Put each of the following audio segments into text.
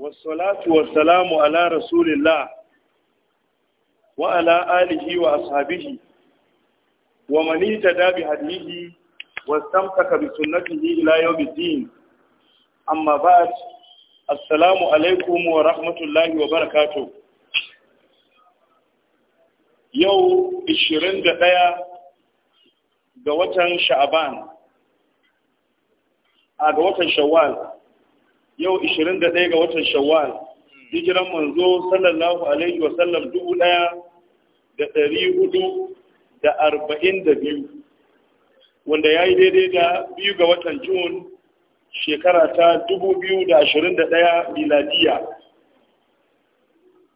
wasalatu wasalamu ala rasulillah wa ala alihi wa ashabihi wa man ittaba bi hadihi wastamsaka bi sunnatihi ila din. amma ba'd assalamu alaikum wa rahmatullahi wa barakatuh yau 21 ga watan sha'ban a ga watan shawwal yau 21 ga watan shawwal hijiran manzo sallallahu alaihi wasallam dubu daya da dari hudu da arba'in da biyu wanda ya yi daidai da biyu ga watan jun shekara ta dubu biyu da ashirin da daya miladiya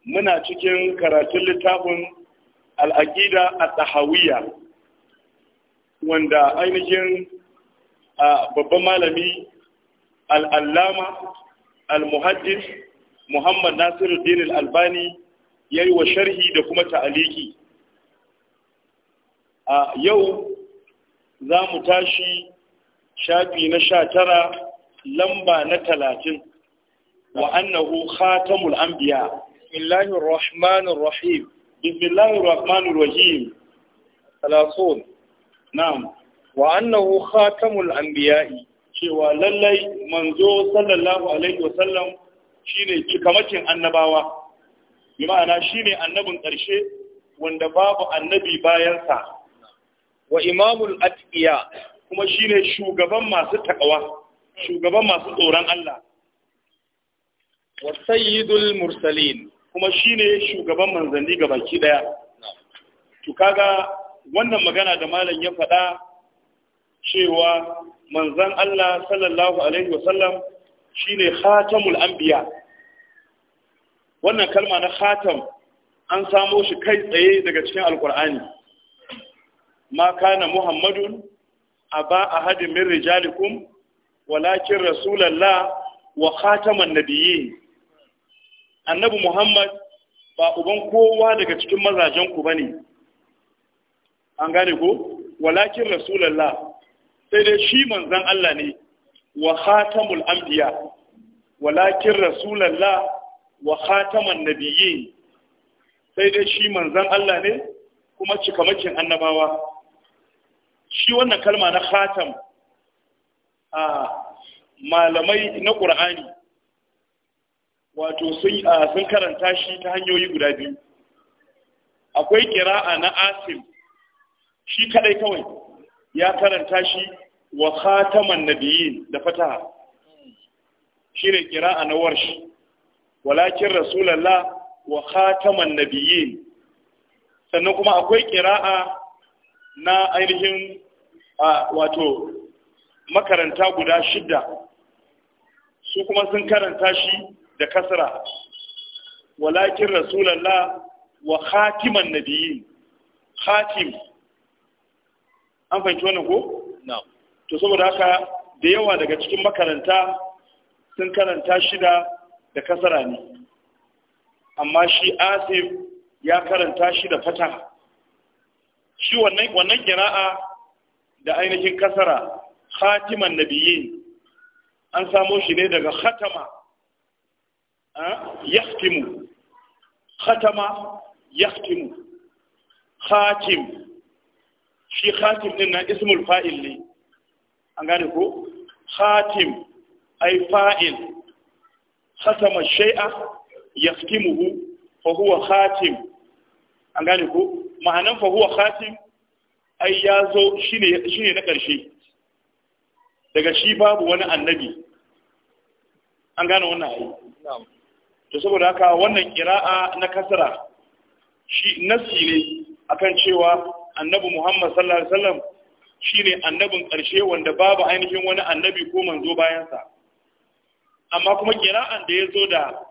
muna cikin karatun littafin al'aƙida a tsahawiya, wanda ainihin babban malami al'allama al-muhaddis muhammad nasiruddin al-albani ya yi wa sharhi da kuma ta'aliki a yau za mu tashi shafi na sha tara lamba na talatin wa annahu khatamul anbiya bismillahir rahmanir rahim bismillahir rahmanir rahim salasun na'am wa annahu khatamul anbiya'i cewa lallai manzo sallallahu alaihi wasallam shine cikamakin annabawa bi ma'ana shine annabin ƙarshe wanda babu annabi bayansa wa imamul atqiya kuma shine shugaban masu takawa shugaban masu tsoron Allah wa sayyidul mursalin kuma shine shugaban manzanni baki daya to kaga wannan magana da malam ya faɗa cewa manzan Allah sallallahu alaihi wasallam shine khatamul anbiya wannan kalma na khatam an samo shi kai tsaye daga cikin alkur'ani ma kana muhammadun aba hadin min rijalikum walakin rasulallah wa khataman biye. annabi muhammad ba uban kowa daga cikin mazajenku ba ne. an gane ko walakin rasulallah sai dai shi manzan Allah ne wa khatamul anbiya walakin rasulullah wa khataman nabiyyin sai dai shi manzan Allah ne kuma cikamakin annabawa shi wannan kalma na khatam a malamai na ƙur'ani wato sun karanta shi ta hanyoyi guda biyu akwai qira'a na asim shi kadai kawai ya karanta shi wa khataman nabiyyin da fataha shine kira'a na warshi walakin rasulullah wa khataman nabiyyin sannan kuma akwai kira'a na ainihin wato makaranta guda shidda su kuma sun karanta shi da kasra walakin rasulullah wa khatiman nabiyyin khatim an fahimci wannan ko na'am to saboda haka da yawa daga cikin makaranta sun karanta shida da kasara ne amma shi asif ya karanta shi da fata shi wannan kira'a da ainihin kasara na biye an samo shi ne daga khatama ah, yahtimu khatama yahtimu khatim shi khatim din na ismul fa'il ne an gane ko khatim ay fa'il khatama shay'a yaftimuhu fa huwa khatim an gane ko ma'anan fa huwa khatim ai ya zo shine shine na ƙarshe daga shi babu wani annabi an gane wannan ayi to saboda haka wannan kira'a na kasara shi nasi ne akan cewa annabi Muhammad sallallahu alaihi wasallam shine annabin ƙarshe wanda babu ainihin wani annabi ko manzo bayansa amma kuma kira'an da ya zo da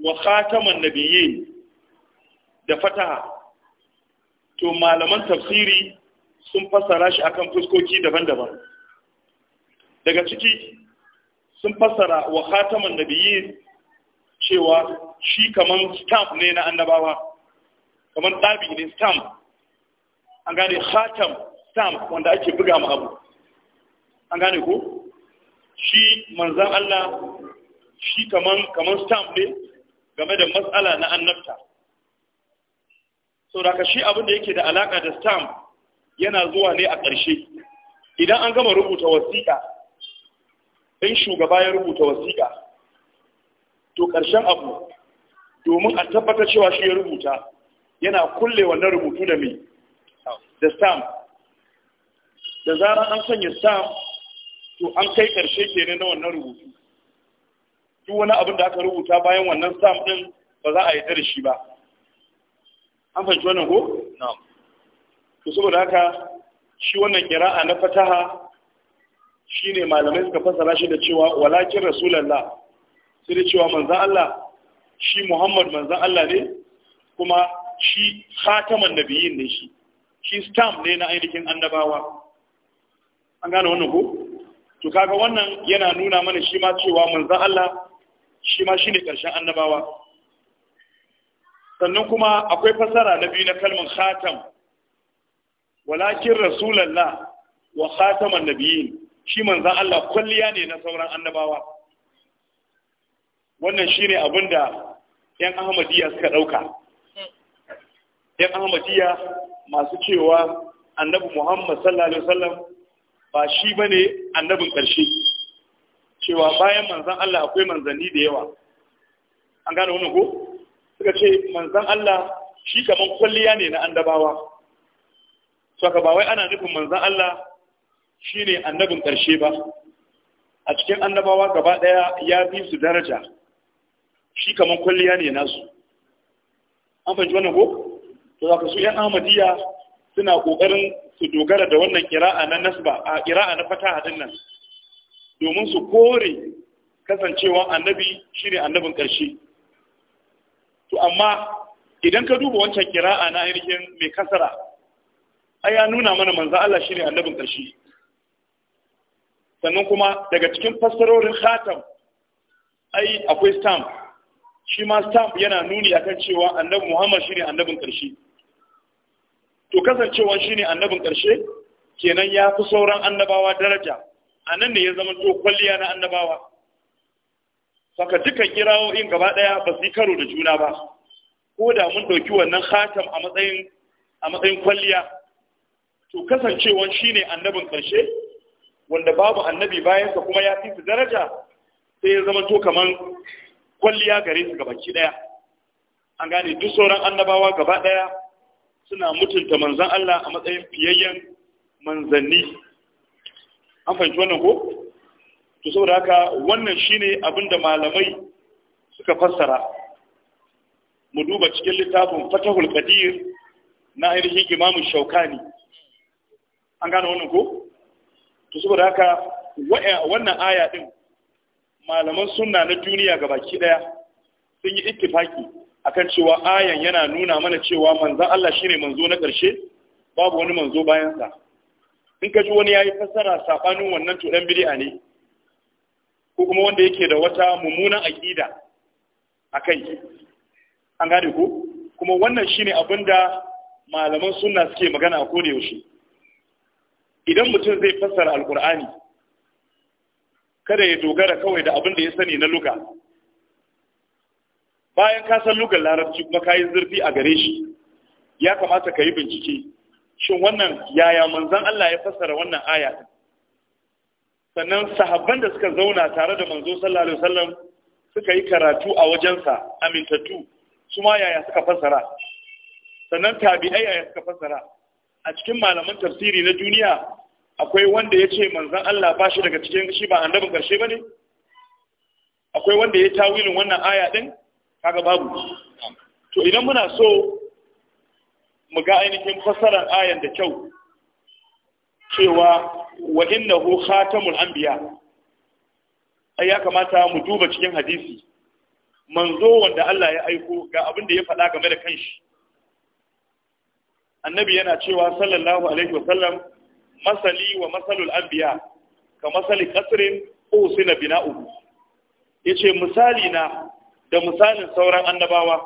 wa khataman nabiyyi da fataha to malaman tafsiri sun fassara shi akan fuskoki daban-daban daga ciki sun fassara wa khataman nabiyyi cewa shi kaman stamp ne na annabawa kaman ɗabi ne stamp an gane khatam stamp wanda ake buga ma abu an gane ko shi manzan Allah shi kaman kaman stamp ne game da matsala na annabta saboda shi abin da yake da alaka da stamp yana zuwa ne a ƙarshe idan an gama rubuta wasiƙa ɗan shugaba ya rubuta wasiƙa to ƙarshen abu domin a tabbatar cewa shi ya rubuta yana kulle wannan rubutu da mai da stamp da zarar an sanya stam, to an kai ƙarshe kenan na wannan rubutu duk wani abin da aka rubuta bayan wannan sam din ba za a yi da shi ba an fahimci wannan ko na'am to saboda haka shi wannan kira'a na fataha shine malamai suka fasa shi da cewa walakin rasulullah sai da cewa manzan Allah shi Muhammad manzan Allah ne kuma shi khataman nabiyin ne shi shi stamp ne na ainihin annabawa an gane wannan ko to kaga wannan yana nuna mana shi ma cewa manzon Allah shi ma shine karshen annabawa sannan kuma akwai fasara na biyu na kalmar khatam walakin rasulullah wa khataman nabiyyin shi manzon Allah kulliya ne na sauran annabawa wannan shine abinda yan ahmadiyya suka dauka yan ahmadiyya masu cewa annabi Muhammad sallallahu alaihi wasallam ba shi ba ne annabin ƙarshe cewa bayan manzan Allah akwai manzanni da yawa an gane wani ko suka ce manzan Allah shi kamar kwalliya ne na annabawa su aka bawai ana nufin manzan Allah shi ne annabin ƙarshe ba a cikin annabawa gaba ɗaya ya fi su daraja shi kamar kwalliya ne nasu an fahimci wannan ko to ka su yan ahmadiyya suna ƙoƙarin su dogara da wannan kira'a na nasba a kira'a na fata hadin nan domin su kore kasancewa annabi shi ne annabin ƙarshe to amma idan ka duba wancan kira'a na ainihin mai kasara ai ya nuna mana manzo Allah shi ne annabin ƙarshe sannan kuma daga cikin fassarorin khatam ai akwai stamp shi ma stamp yana nuni akan cewa annabi Muhammad shi ne annabin ƙarshe to kasancewa ne annabin ƙarshe kenan ya fi sauran annabawa daraja a nan ne ya zama to kwalliya na annabawa saka dukan kirawoyin gaba ɗaya ba su yi karo da juna ba ko da mun ɗauki wannan khatam a matsayin a matsayin kwalliya to shi ne annabin ƙarshe wanda babu annabi bayansa kuma ya fi su daraja sai ya zama to kaman kwalliya gare su gabaki ɗaya an gane duk sauran annabawa gaba ɗaya suna mutunta manzan Allah a matsayin fiyayyen manzanni an fahimci wannan ko to saboda haka wannan shine abin da malamai suka fassara mu duba cikin littafin fatahul qadir na ainihin imamu shaukani an gane wannan ko to saboda haka wannan aya din malaman sunna na duniya gabaki daya sun yi ittifaki akan cewa ayan yana nuna mana cewa manzan Allah shine manzo na ƙarshe babu wani manzo bayansa in ka ji wani yayi fassara sabanin wannan to dan bid'a ne ko kuma wanda yake da wata mummunan aqida kai. an gane ku. kuma wannan shine abinda malaman sunna suke magana a koda yaushe idan mutum zai fassara alqur'ani kada ya dogara kawai da abin da ya sani na luka bayan ka san lugar larabci kuma ka yi zurfi a gare shi ya kamata ka yi bincike shin wannan yaya manzan Allah ya fassara wannan aya sannan sahabban da suka zauna tare da manzo sallallahu alaihi wasallam suka yi karatu a wajensa amintattu su ma yaya suka fassara sannan tabi'ai yaya suka fassara a cikin malaman tafsiri na duniya akwai wanda ya ce manzan Allah ba shi daga cikin shi ba annabin ƙarshe ba ne akwai wanda ya tawilin wannan aya din kaga babu to idan muna so mu ga ainihin fasarar ayan da kyau cewa wa innahu khatamul anbiya ai ya kamata mu duba cikin hadisi manzo wanda Allah ya aiko ga abin da ya faɗa game da kanshi annabi yana cewa sallallahu alaihi wasallam masali wa masalul anbiya ka masali kasrin usina bina'u yace misali na da misalin sauran annabawa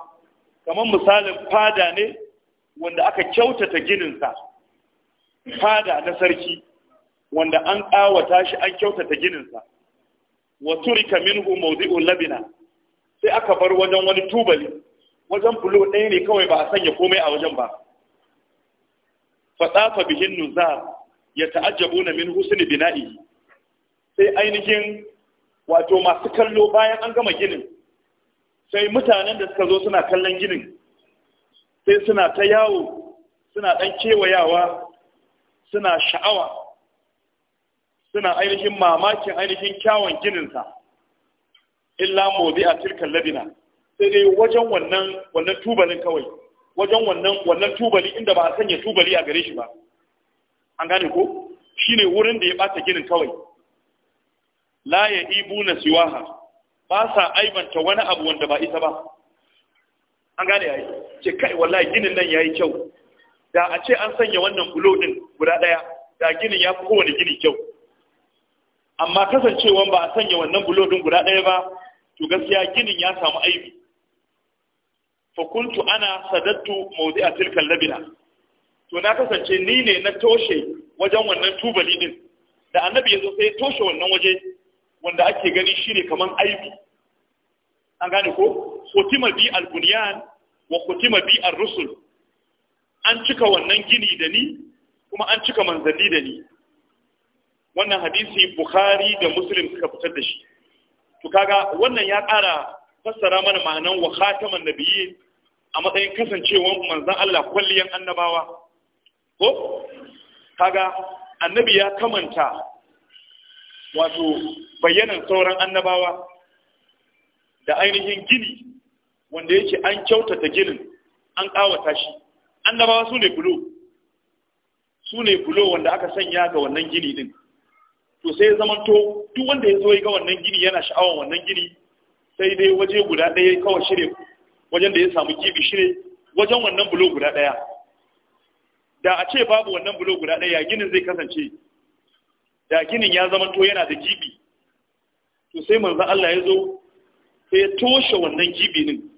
kamar misalin fada ne wanda aka kyautata gininsa fada na sarki wanda an ƙawata shi an kyautata gininsa wa turika minhu mawdi'un labina sai aka bar wajen wani tubali wajen bulo ɗaya ne kawai ba a sanya komai a wajen ba fatsafa bihin nuzar ya ta'ajjabu na min husni bina'i sai ainihin wato masu kallo bayan an gama ginin sai mutanen da suka zo suna kallon ginin sai suna ta yawo suna ɗan kewayawa suna sha'awa suna ainihin mamakin ainihin kyawun gininsa illa mobi a turkan labina sai dai wajen wannan wannan tubalin kawai wajen wannan tubali inda ba a sanya tubali a gare shi ba an gane ko shine wurin da ya bata ginin kawai la ya ibu na siwaha ba sa aibanta wani abu wanda ba ita ba an gane yayi ce kai wallahi ginin nan yayi kyau da a ce an sanya wannan bulo din guda daya da ginin ya fi kowane gini kyau amma kasancewan ba a sanya wannan bulo din guda daya ba to gaskiya ginin ya samu aibi fa kuntu ana sadattu mawdi'a tilka labina to na kasance ni ne na toshe wajen wannan tubali din da annabi ya zo sai toshe wannan waje wanda ake gani shi ne kamar aibi an gane ko Hotima bi al-bunyan wa hotima bi ar-rusul an cika wannan gini da ni kuma an cika manzanni da ni wannan hadisi bukhari da muslim suka fitar da shi to kaga wannan ya ƙara fassara mana ma'anan wa khataman nabiyyi a matsayin kasancewar manzan Allah kwalliyan annabawa ko kaga annabi ya kamanta wato bayyanan sauran annabawa da ainihin gini wanda yake an kyautata ginin an ƙawata shi annabawa su ne bulo su ne bulo wanda aka sanya ga wannan gini din to sai zamanto duk wanda ya zo ya ga wannan gini yana sha'awar wannan gini sai dai waje guda ɗaya kawai ne wajen da ya samu kibi ne wajen wannan bulo guda ɗaya da a ce babu wannan bulo guda ɗaya ginin zai kasance da ginin ya zama to yana da gibi to sai manzo Allah ya zo sai ya toshe wannan gibi din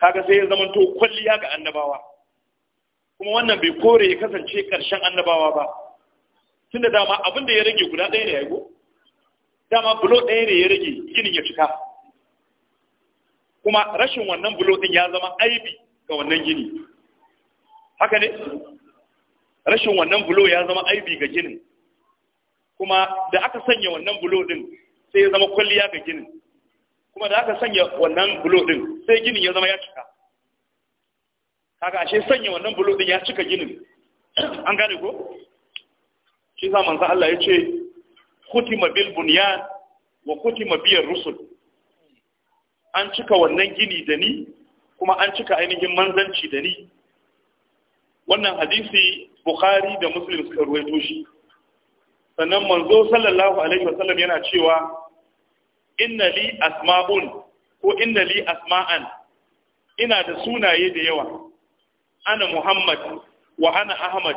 kaga sai ya zama to kwalliya ga annabawa kuma wannan bai kore ya kasance karshen annabawa ba tunda dama abin da ya rage guda ɗaya ne ya dama bulo ɗaya ne ya rage ginin ya cika kuma rashin wannan bulo ɗin ya zama aibi ga wannan gini haka ne rashin wannan bulo ya zama aibi ga ginin kuma da aka sanya wannan bulo din sai ya zama kwalliya ga ginin kuma da aka sanya wannan bulo din sai ginin ya zama ya cika kaga ashe sanya wannan bulo din ya cika ginin an gane ko shi sa manzo Allah ya ce kutima bil bunyan wa kutima biyan rusul an cika wannan gini da ni kuma an cika ainihin manzanci da ni wannan hadisi bukhari da muslim suka ruwaito shi sannan manzo sallallahu alaihi wasallam yana cewa inna li asma'un ko inna li asma'an ina da sunaye da yawa ana muhammad wa ana ahmad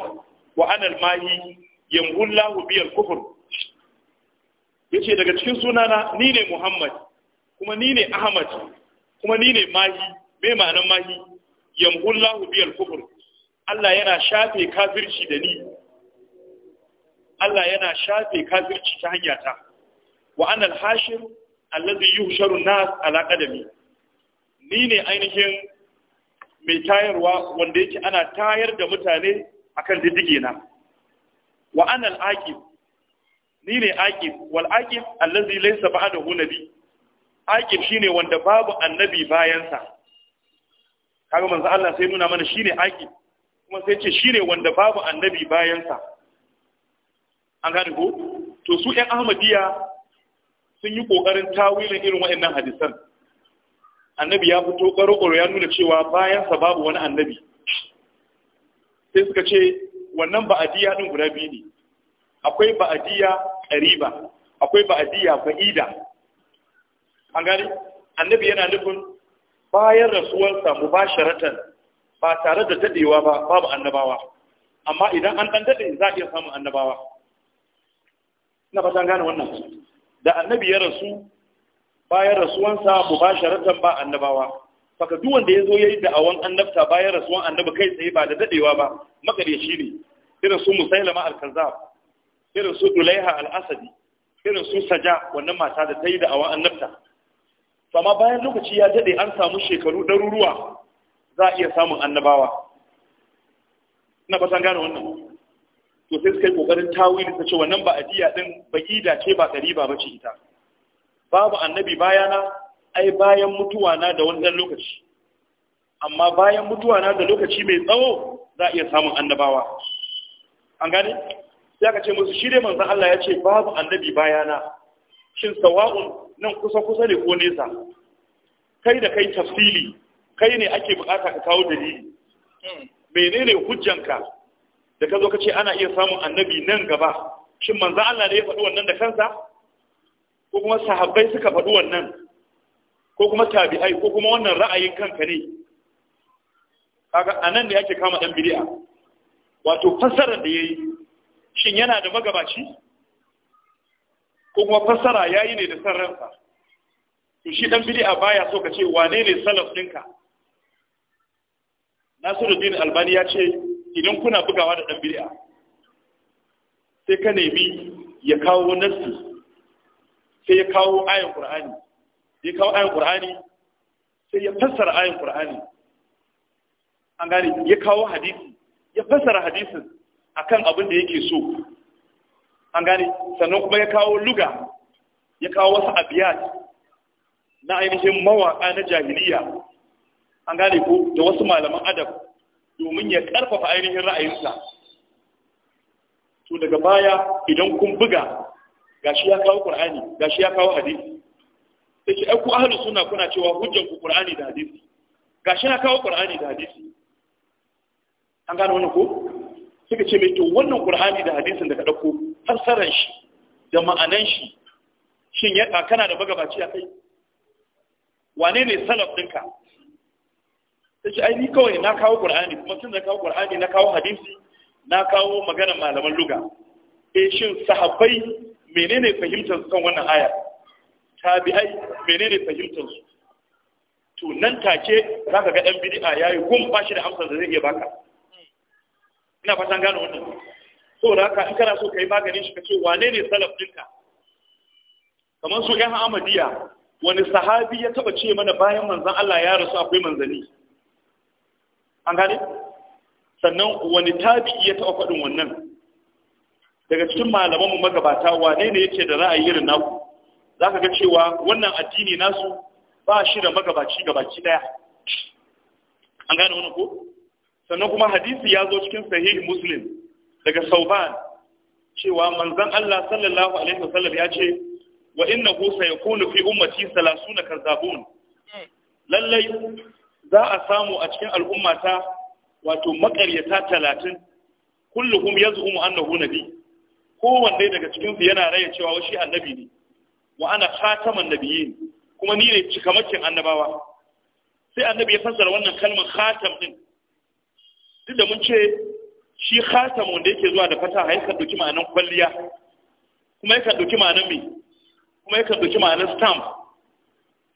wa ana almahi yamhullahu bi alkufr yace daga cikin sunana ni ne muhammad kuma ni ne ahmad kuma ni ne mahi me ma'anar mahi yamhullahu bi alkufr Allah yana shafe kafirci da ni Allah yana shafe kafirci ta hanya ta wa annal hashir allazi yuhsharu nas ala qadami ni ne ainihin mai tayarwa wanda yake ana tayar da mutane akan diddige na wa annal aqib ni ne aqib wal aqib allazi laysa ba'dahu nabi aqib shine wanda babu annabi bayan sa kaga manzo Allah sai nuna mana shine aqib kuma sai ce shine wanda babu annabi bayan sa an gane ko to su ƴan ahmadiyya sun yi ƙoƙarin tawilin irin waɗannan hadisan annabi ya fito ƙaro ya nuna cewa bayan sa babu wani annabi sai suka ce wannan ba'adiyya din guda biyu ne akwai ba'adiyya ƙariba akwai ba'adiyya fa'ida an gani annabi yana nufin bayan rasuwarsa mubasharatan ba tare da dadewa ba babu annabawa amma idan an dan dade za a iya samun annabawa ina ba gane wannan da annabi ya rasu bayan rasuwansa mu ba ba annabawa faka duk wanda ya zo ya yi da'awan annabta bayan rasuwan annabi kai tsaye ba da dadewa ba makaryaci ne irin su musailama al-kazzab irin su dulaiha al-asadi irin su saja wannan mata da ta yi da'awan annabta amma bayan lokaci ya dade an samu shekaru ɗaruruwa za a iya samun annabawa ina fatan gane wannan to sai suka yi kokarin tawili ta ce wannan ba adiya din ba'ida ce ba qariba ba ce ita babu annabi bayana ai bayan mutuwa na da wannan lokaci amma bayan mutuwa na da lokaci mai tsawo za a iya samun annabawa an gane sai aka ce musu shi dai manzon Allah ya ce babu annabi bayana shin sawa'un nan kusa kusa ne ko nesa kai da kai tafsili kai ne ake bukata ka kawo dalili hmm. menene hujjanka da ka zo ka ce ana iya samun annabi nan gaba shin manzo Allah ne ya faɗi wannan da kansa ko kuma sahabbai suka faɗi wannan ko kuma tabi'ai ko kuma wannan ra'ayin kanka ne kaga anan ne yake kama dan bid'a wato fassara da yayi shin yana da magabaci ko kuma fassara yayi ne da san ransa to shi dan bid'a baya so ka ce wane ne salaf ɗinka Nasiruddin Albani ya ce idan kuna bugawa da ɗan bid'a sai ka nemi ya kawo nassu sai ya kawo ayin ƙur'ani, ya kawo ayin ƙur'ani sai ya fassara ayin ƙur'ani, an gane ya kawo hadisi ya fassara hadisin kan abin da yake so an gane sannan kuma ya kawo luga ya kawo wasu abiyat na ainihin mawaƙa na jahiliya an gane ko da wasu malaman adab domin ya karfafa ainihin ra'ayinsa to daga baya idan kun buga gashi ya kawo qur'ani gashi ya kawo hadisi sai shi ku ahlus sunna kuna cewa hujjar ku qur'ani da hadisi gashi na kawo qur'ani da hadisi an gano wannan ko suka ce mai to wannan qur'ani da hadisin da ka dauko fassarar shi da ma'anan shi shin ya kana da magabaci a kai wane ne salaf ɗinka sai ai ni kawai na kawo qur'ani kuma tun da kawo qur'ani na kawo hadisi na kawo maganar malaman luga eh shin sahabbai menene fahimtar su kan wannan aya tabi'ai menene fahimtar su to nan take zaka ga dan bid'a yayi gum ba shi da amsar da zai iya baka ina fatan gano wannan saboda haka in kana so kai maganin shi kace wane ne salaf dinka kamar su ƴan Ahmadiyya wani sahabi ya taba ce mana bayan manzon Allah ya rasu akwai manzanni an gane sannan wani tabi ya taɓa faɗin wannan daga cikin malaman mu magabata wane ne yake da ra'ayi irin naku zaka ga cewa wannan addini nasu ba shi da magabaci gabaci daya an gane wannan ko sannan kuma hadisi ya zo cikin sahihi muslim daga sauban cewa manzon Allah sallallahu alaihi wasallam ya ce wa innahu sayakunu fi ummati 30 kazzabun hmm. lallai za a samu a cikin al'ummata wato makaryata talatin kullum ya yaz'umu annahu nabi kowanne daga cikin su yana raya cewa shi annabi ne wa ana khataman nabiyyin kuma ni ne cikamakin annabawa sai annabi ya fassara wannan kalmar khatam din duk da mun ce shi khatam wanda yake zuwa da fata ya kan ma'anan ma'anar kwalliya kuma ya kan ma'anan me kuma ya kan ma'anan stamp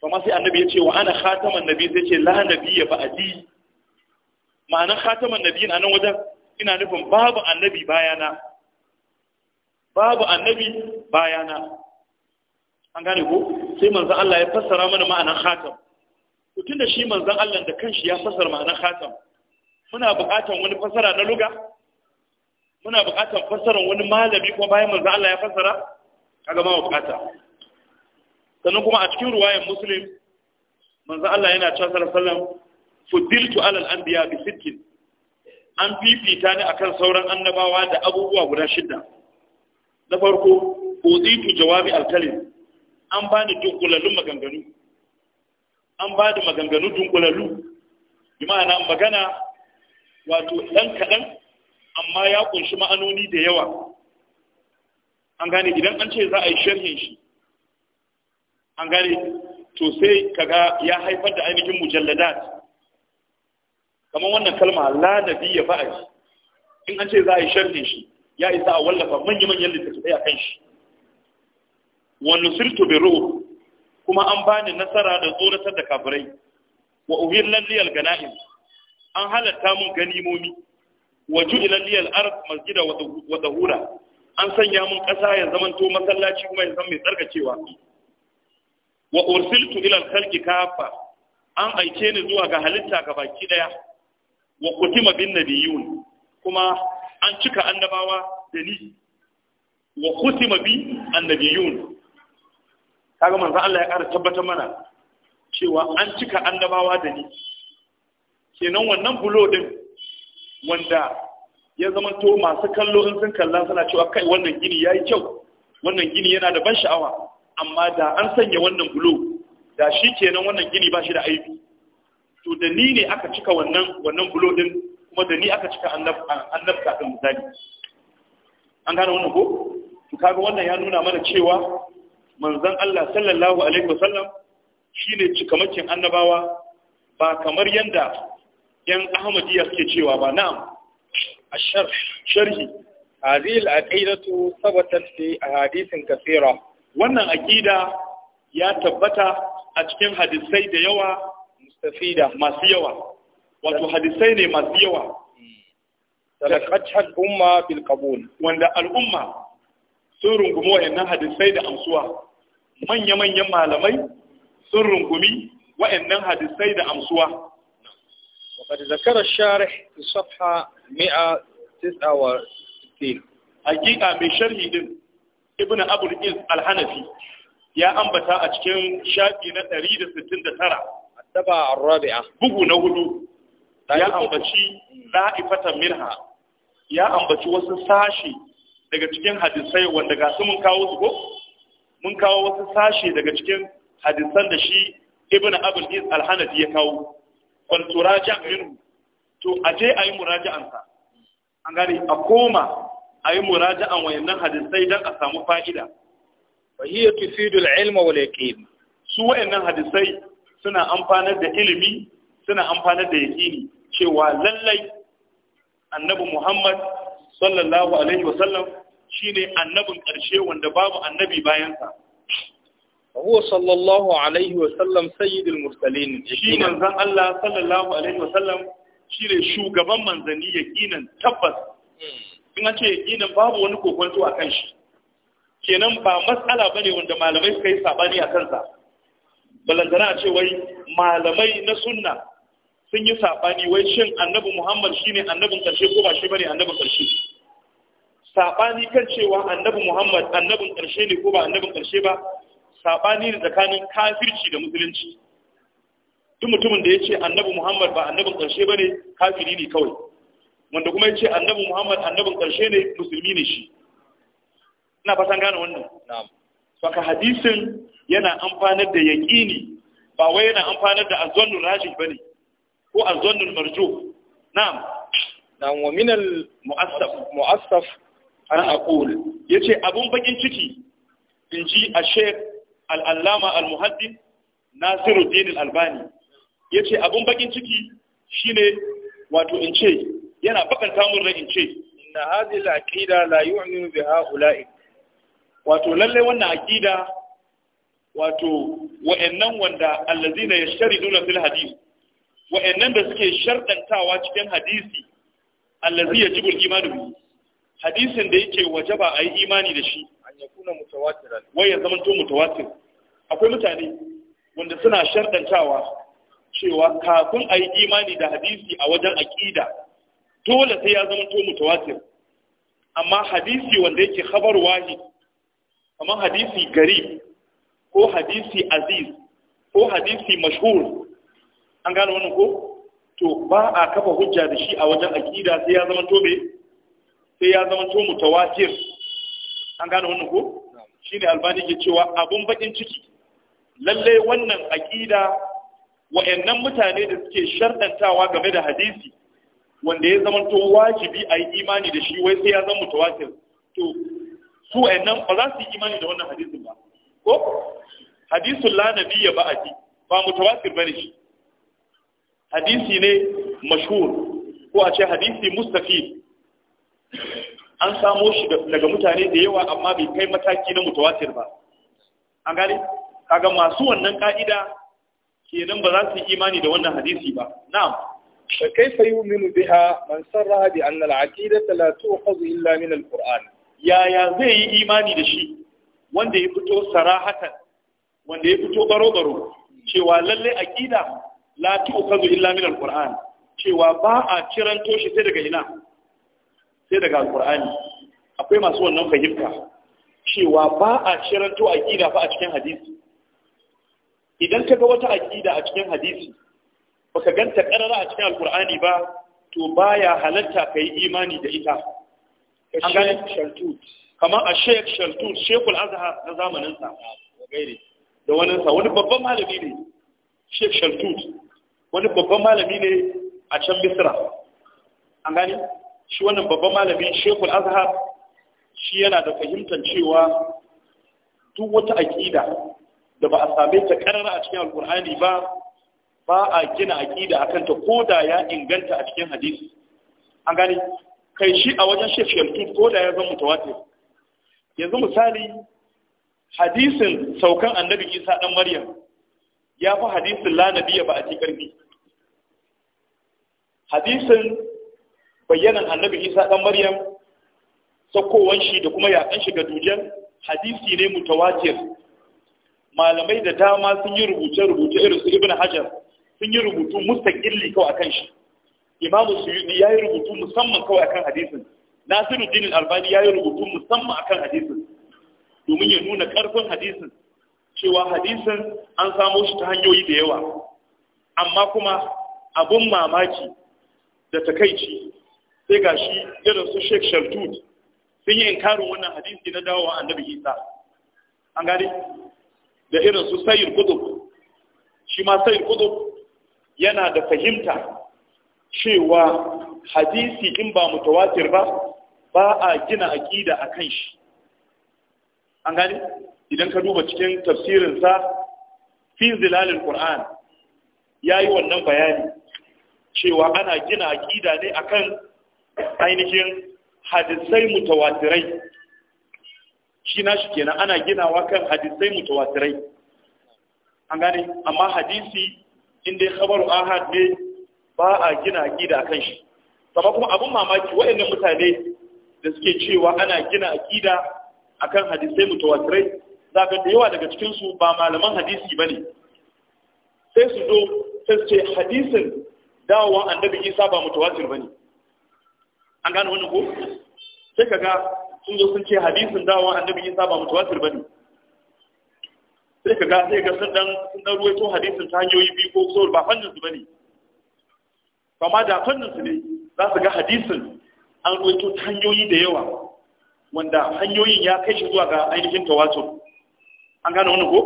kuma sai annabi ya ce wa ana khataman nabi sai ce la ya ba'di ma'anar khataman nabi na nan wajen ina nufin babu annabi bayana babu annabi bayana an gane ko sai manzon Allah ya fassara mana ma'anar khatam to tunda shi manzon Allah da kanshi ya fassara ma'anar khatam muna buƙatar wani fassara na luga muna buƙatar fassarar wani malami ko bayan manzon Allah ya fassara kaga ma buƙata sannan kuma a cikin ruwayan muslim manzo Allah yana cewa sallallahu alaihi wasallam fudiltu alal anbiya bi an fifita ni akan sauran annabawa da abubuwa guda shida na farko uzitu jawabi alkalim an bani dunkulalun maganganu an bani maganganu dunkulalu bi magana wato dan kaɗan, amma ya kunshi ma'anoni da yawa an gane idan an ce za a yi sharhin shi an gane to sai kaga ya haifar da ainihin mujalladat kamar wannan kalma la nabiyya ba'd in an ce za a yi sharhin shi ya isa a wallafa manya-manyan littattafai a kan shi wani sirtu bi kuma an bani nasara da tsoratar da kafirai wa uhillan liyal an halatta mun ganimomi wa ju'ilan liyal ard masjida wa dahura an sanya mun kasa ya zamanto masallaci kuma ya zama mai tsarkacewa wa ursiltu ila al kafa an aike ni zuwa ga halitta ga baki daya wa kutima bin nabiyun kuma an cika annabawa da ni wa kutima bi annabiyun kaga manzo Allah ya ƙara tabbatar mana cewa an cika annabawa da ni kenan wannan bulo din wanda ya zama to masu kallo in sun kalla suna cewa kai wannan gini yayi kyau wannan gini yana da ban sha'awa amma da an sanya wannan bulo da shi kenan wannan gini ba shi da aiki, to da ni ne aka cika wannan wannan bulo din kuma da ni aka cika annabta ɗin misali an gane wannan ko to kaga wannan ya nuna mana cewa manzon Allah sallallahu alaihi wasallam shine cikamakin annabawa ba kamar yanda yan ahmadiyya suke cewa ba na'am ashar sharhi hadhihi al-aqidatu thabatat fi ahadithin kathira wannan aƙida ya tabbata a cikin hadisai da yawa mustafida masu yawa wato hadisai ne masu yawa umma bil qabul wanda al'umma sun rungumi wayannan hadisai da amsuwa manya manyan malamai sun rungumi wayannan hadisai da amsuwa وقد ذكر الشارح في الصفحة 169 hakika من شرح din ibn abul iz al-hanafi ya ambata a cikin shafi na 169 ar-rabi'a bugu na hudu ya ambaci la'ifatan minha ya ambaci wasu sashi daga cikin hadisai wanda ga su mun kawo su ko mun kawo wasu sashi daga cikin hadisan da shi ibn abul iz al-hanafi ya kawo kun turaja minhu to aje ayi muraja'ansa an gane a koma a yi a wayannan hadisai don a samu fa'ida fa hiya tufidul ilma wal yaqin su wayannan hadisai suna amfanar da ilimi suna amfanar da yaqini cewa lallai annabi Muhammad sallallahu alaihi wa sallam ne annabin ƙarshe wanda babu annabi bayansa هو صلى الله عليه وسلم سيد المرسلين Shi منزل الله صلى الله عليه وسلم شي ne shugaban manzanni yakinan tabbas hmm. in an ce yaƙinin babu wani kokonto a kan shi kenan ba matsala ba ne wanda malamai suka yi sabani a kansa balantana a ce wai malamai na sunna sun yi saɓani wai shin annabi muhammad shi ne annabin ƙarshe ko ba shi ba ne annabin ƙarshe saɓani kan cewa annabi muhammad annabin ƙarshe ne ko ba annabin ƙarshe ba saɓani ne tsakanin kafirci da musulunci duk mutumin da ya ce annabi muhammad ba annabin ƙarshe ba ne kafiri ne kawai wanda kuma ya ce annabi muhammad annabin karshe ne musulmi ne shi ina fatan gane wannan saka hadisin yana amfanar da yaƙini ba wai yana amfanar da azonnul rajih bane ko azonnul marjo na'am na'am wa min al mu'assaf mu'assaf an aqul yace abun bakin ciki ji a sheikh al al-muhaddith nasiruddin al-albani yace abun bakin ciki shine wato in ce yana bakanta mun rai in ce inna hadhihi al-aqida la yu'minu bi ha'ula'i wato lalle wannan aqida wato wa'annan wanda allazina yashtariduna fil hadith wa'annan da suke shardantawa cikin hadisi allazi al imanu bi hadisin da yake wajaba a yi imani da shi an yakuna mutawatiran wai ya to mutawatir akwai mutane wanda suna shardantawa cewa kafin a yi imani da hadisi a wajen aqida dole sai ya zama to mutawatir amma hadisi wanda yake khabar wahi kamar hadisi gari ko hadisi aziz ko hadisi mashhur an gane wannan ko to ba a kafa hujja da shi a wajen aqida sai ya zama to be sai ya zama to mutawatir an gane wannan ko shine albani ke cewa abun bakin ciki lalle wannan aqida wa'annan mutane da suke sharɗantawa game da hadisi wanda ya zama to wajibi a yi imani da shi wai sai ya zama mutawatir to su nan ba za su yi imani da wannan hadisin ba ko hadisun la a ji ba ba ne shi hadisi ne mashhur ko a ce hadisi mustafi an samo shi daga mutane da yawa amma bai kai mataki na mutawatir ba an gane kaga masu wannan ka'ida kenan ba za su yi imani da wannan hadisi ba na'am فكيف يؤمن بها من سرها بأن العقيدة لا تؤخذ إلا من القرآن يا يا زي إيماني دشي وان دي فتو صراحة وان دي فتو ضرو ضرو شوى للي أكيدة لا تؤخذ إلا من القرآن شوى باع تيران توشي سيدك هنا سيدك القرآن akwai masu wannan fahimta cewa ba a shiranto aƙida ba a cikin hadisi idan ka ga wata aƙida a cikin hadisi baka ganta karara a cikin alkur'ani ba to baya halatta ka yi imani da ita kamar a sheik shaltut shekul azhar na zamaninsa da wani babban malami ne sheik shaltut wani babban malami ne a can Misira. an gani shi wannan babban malami shekul azhar shi yana da fahimtar cewa duk wata aƙida da ba a same ta karara a cikin alkur'ani ba ba a gina aƙida a kanta ko da ya inganta a cikin hadisi an gani kai shi a wajen shef ko da ya zama mutawatir yanzu misali hadisin saukan annabi isa ɗan maryam ya fi hadisin Lanabi ya ba a ci ƙarfi hadisin bayyanan annabi isa ɗan maryam saukowar shi da kuma yaƙan shi ga duniyar hadisi ne mutawatir malamai da dama sun yi rubuce-rubuce irin su ibn hajar sun yi rubutu mustaqilli kawai akan shi imamu suyudi ya yi rubutu musamman kawai akan hadisin Nasiru, al-albani ya yi rubutu musamman akan hadisin domin ya nuna ƙarfin hadisin cewa hadisin an samo shi ta hanyoyi da yawa amma kuma abun mamaki da takaici sai ga shi irin su sheik shaltud sun yi inkarin wannan hadisi na dawowa annabi isa an gane da irin su sayyid kudu shi ma sayyid kudu yana da fahimta cewa hadisi in ba mutawatir ba ba a gina aƙida a kan shi an gani idan ka duba cikin tafsirinsa fi zilalin ƙur'an ya yi wannan bayani cewa ana gina aƙida ne akan ainihin hadisai mutawatirai shi na shi kenan ana ginawa kan hadisai mutawatirai an gani amma hadisi in dai khabaru ahad ne ba a gina aqida kan shi amma kuma abun mamaki wayannan mutane da suke cewa ana gina aqida akan hadisai mutawatirai zaka da yawa daga cikin su ba malaman hadisi bane sai su zo sai su ce hadisin dawowan annabi Isa ba mutawatir bane an gane wannan ko sai kaga sun zo sun ce hadisin dawowan annabi Isa ba mutawatir bane sai ka ga sai ga sun dan sun dan ruwaito hadisin ta hanyoyi biyu ko so ba fannin su bane amma da fannin su ne za su ga hadisin an ruwaito ta hanyoyi da yawa wanda hanyoyin ya kai shi zuwa ga ainihin tawatur an gane wani ko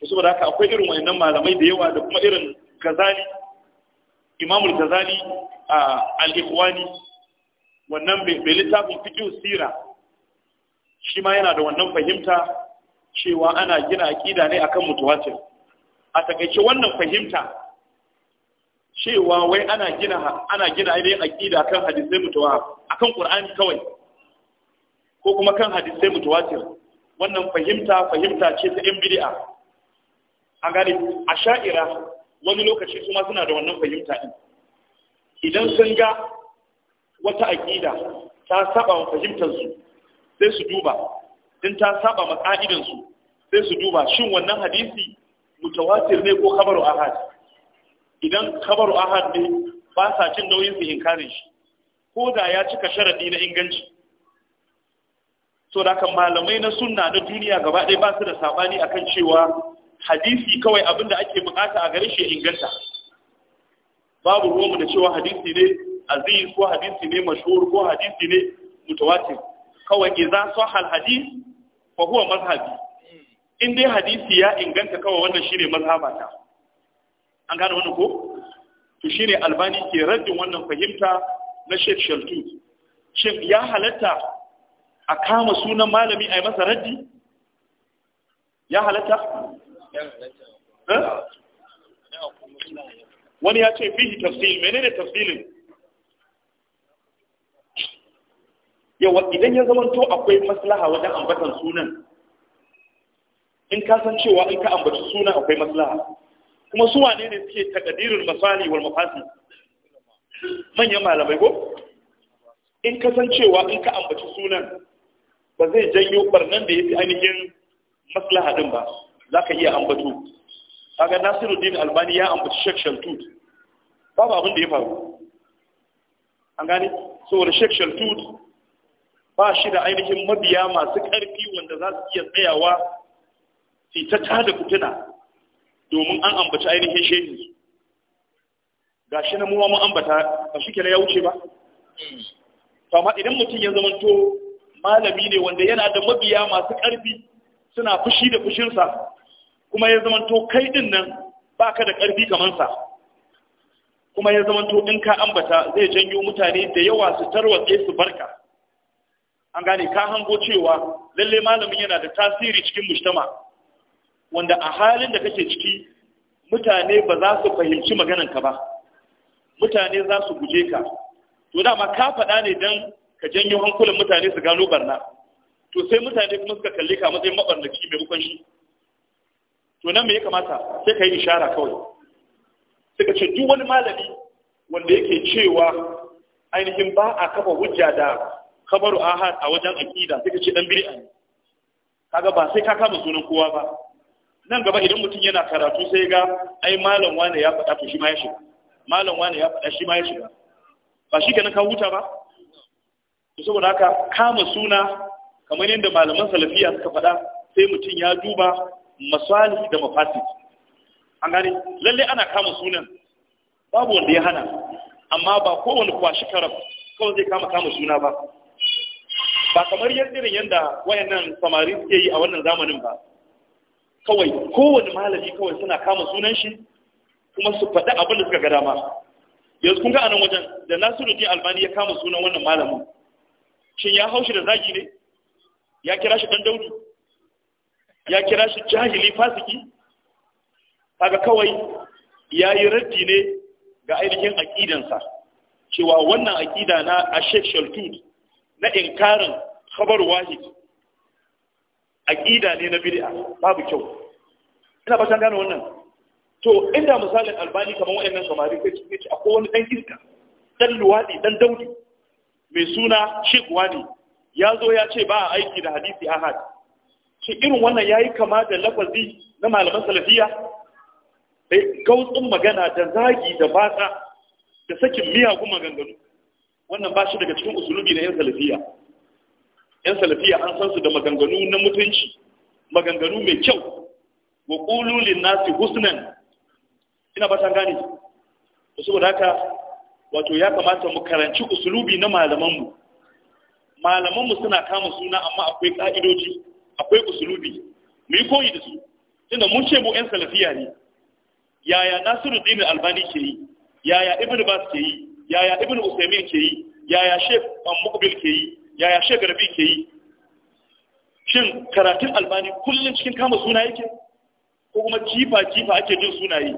to saboda haka akwai irin wayannan malamai da yawa da kuma irin gazali imamul gazali a al wannan mai littafin fiqh sira shi ma yana da wannan fahimta cewa ana gina aƙida ne akan mutuwatir a takaice wannan fahimta cewa wai ana gina ana gina ne aƙida kan hadisai mutuwa akan qur'ani kawai ko kuma kan hadisai mutuwatir wannan fahimta fahimta ce ta yan bid'a A gani, a sha'ira wani lokaci kuma suna da wannan fahimta din idan sun ga wata aƙida ta saba wa fahimtar su sai su duba Idan ta saba ma su sai su duba shin wannan hadisi mutawatir ne ko khabaru ahad idan khabaru ahad ne ba sa cin nauyin su inkarin shi ko da ya cika sharadi na inganci so kan malamai na sunna na duniya gaba ɗaya ba su da sabani akan cewa hadisi kawai abin da ake bukata a gare shi inganta babu ruwanmu da cewa hadisi ne aziz ko hadisi ne mashhur ko hadisi ne mutawatir kawai su sahal hadisi? fa huwa mazhabi in dai hadisi ya inganta kawai wannan shine mazhabata an gane wannan ko to shine albani ke raddin wannan fahimta na Sheikh Shaltu shin ya halatta a kama sunan malami a yi masa raddi ya halatta eh? wani ya ce fihi tafsil menene tafsilin yawa idan ya zamanto akwai maslaha wajen ambatan sunan in ka san cewa in ka ambaci sunan akwai maslaha kuma su wane ne suke takadirin masali wal mafasi manyan malamai ko in ka san cewa in ka ambaci sunan ba zai janyo barnan da ya fi ainihin maslaha din ba za ka iya ambato kaga nasiruddin albani ya ambaci shek shaltut babu abin da ya faru an gane saboda shek shaltut ba shi da ainihin mabiya masu ƙarfi wanda za su iya tsayawa su ta tada kutuna domin an ambaci ainihin shehi ga shi na muwa mu ambata ba shi na ya wuce ba to idan mutum ya zamanto malami ne wanda yana da mabiya masu ƙarfi suna fushi da fushinsa kuma ya zamanto kai din nan ka da ƙarfi kamansa, kuma ya zamanto in ka ambata zai janyo mutane da yawa su tarwatse su barka an gane ka hango cewa lalle malamin yana da tasiri cikin mujtama wanda a halin da kake ciki mutane ba za su fahimci ka ba mutane za su guje ka to dama ka faɗa ne don ka janyo hankulan mutane su gano barna to sai mutane kuma suka kalle ka matsayin mabarnaki mai rukun shi to nan me ya kamata sai ka yi ishara kawai suka ce duk wani malami wanda yake cewa ainihin ba a kafa hujja da kabaru ahad a wajen akida sai ka ce dan bid'a ne kaga ba sai ka kama sunan kowa ba nan gaba idan mutum yana karatu sai ga ai malam wane ya faɗa to shi ma ya shiga malam wane ya faɗa shi ma ya shiga ba shi kenan ka huta ba saboda haka kama suna kamar yadda malaman salafiya suka faɗa sai mutum ya duba masali da mafasid an gane lalle ana kama sunan babu wanda ya hana amma ba kowane kwashi karab kawai zai kama kama suna ba ba kamar yadda yadda wayannan samari suke yi a wannan zamanin ba kawai kowane malami kawai suna kama sunan shi kuma su faɗi abin da suka ga dama yanzu kun ga anan wajen da Nasiru nasiruddin albani ya kama sunan wannan malamin shin ya haushi da zagi ne ya kira shi dan daudu ya kira shi jahili fasiki kaga kawai ya yi raddi ne ga ainihin aƙidansa cewa wannan aƙida na ashek shaltud na inkarin khabar wahid aqida ne na bid'a babu kyau ina ba san gane wannan to inda misalin albani kamar wayannan samari sai su ce akwai wani dan iska dan luwadi dan daudi mai suna Sheikh Wani ya zo ya ce ba a aiki da hadisi ahad shi irin wannan yayi kama da lafazi na malaman salafiya eh gautsin magana da zagi da batsa da sakin miyagun maganganu wannan ba shi daga cikin usulubi na 'yan salafiya 'yan salafiya an san su da maganganu na mutunci maganganu mai kyau wa ƙululin nasi husnan ina ba san gane da saboda haka wato ya kamata mu karanci usulubi na malamanmu malamanmu suna kama suna amma akwai ƙa'idoji akwai usulubi mu yi koyi da su tunda mun ce mu 'yan salafiya ne yaya nasiru dinin albani ke yi yaya ibn bas ke yi yaya ibn usaimin ke yi yaya shek mukbil ke yi yaya shef rabi ke yi shin karatun albani kullum cikin kama suna yake ko kuma jifa jifa ake jin sunaye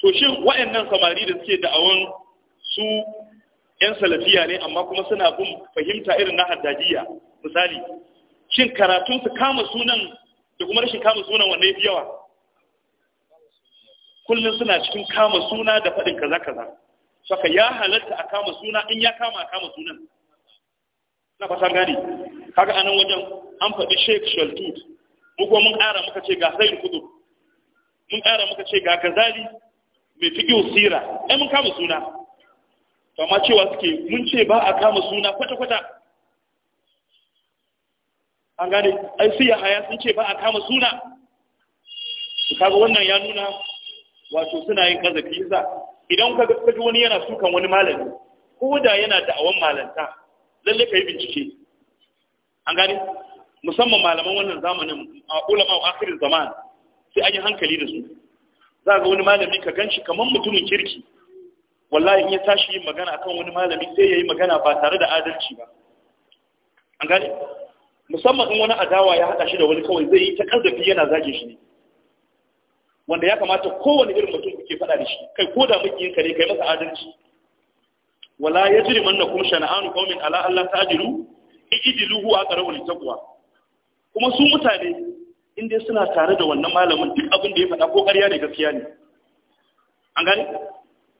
to shin wa'annan samari da suke da'awan su yan salafiya ne amma kuma suna bin fahimta irin na haddajiya misali shin karatun su kama sunan da kuma rashin kama sunan wanne yafi yawa kullum suna cikin kama suna da faɗin kaza kaza saka ya halatta a kama suna in ya kama a kama sunan na fata gane kaga anan wajen an faɗi sheikh shaltut mu kuma mun ƙara muka ce ga sayyid kudu mun ƙara muka ce ga gazali mai fiƙi sira ai mun kama suna to amma cewa suke mun ce ba a kama suna kwata-kwata an gane ai sai ya haya sun ce ba a kama suna kaga wannan ya nuna wato suna yin kazafi za idan ka ga wani yana sukan wani malami ko da yana da awan malanta lalle kai bincike an gani, musamman malaman wannan zamanin a ulama a akhirin zaman sai an yi hankali da su za ga wani malami ka ganshi kamar mutumin kirki wallahi in ya tashi yin magana akan wani malami sai ya yi magana ba tare da adalci ba an gani, musamman in wani adawa ya haɗa shi da wani kawai zai yi ta kazafi yana zage shi ne wanda ya kamata kowane irin mutum ke faɗa da shi kai ko da muke ka kare kai masa adalci wala yajrimannakum shana'anu qaumin ala alla ta'dilu ijidilu huwa aqrabu taqwa kuma su mutane in dai suna tare da wannan malamin duk abin da ya faɗa ko ƙarya ne gaskiya ne an gani,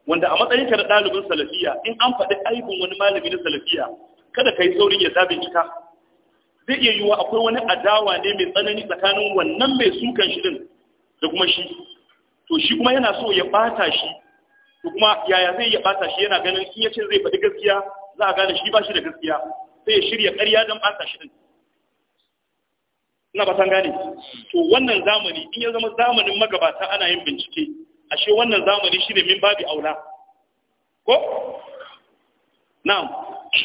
wanda a matsayin ka da ɗalibin salafiya in an faɗi aibin wani malami na salafiya kada ka yi saurin ya zaɓe cika zai iya yiwuwa akwai wani adawa ne mai tsanani tsakanin wannan mai sukan shi din da kuma shi to shi kuma yana so ya bata shi to kuma yaya zai ya bata shi yana ganin in yace zai faɗi gaskiya za a gane shi ba shi da gaskiya sai ya shirya ƙarya don bata shi din ina ba san gane to wannan zamani in ya zama zamanin magabata ana yin bincike ashe wannan zamani shine min babi aula ko na'am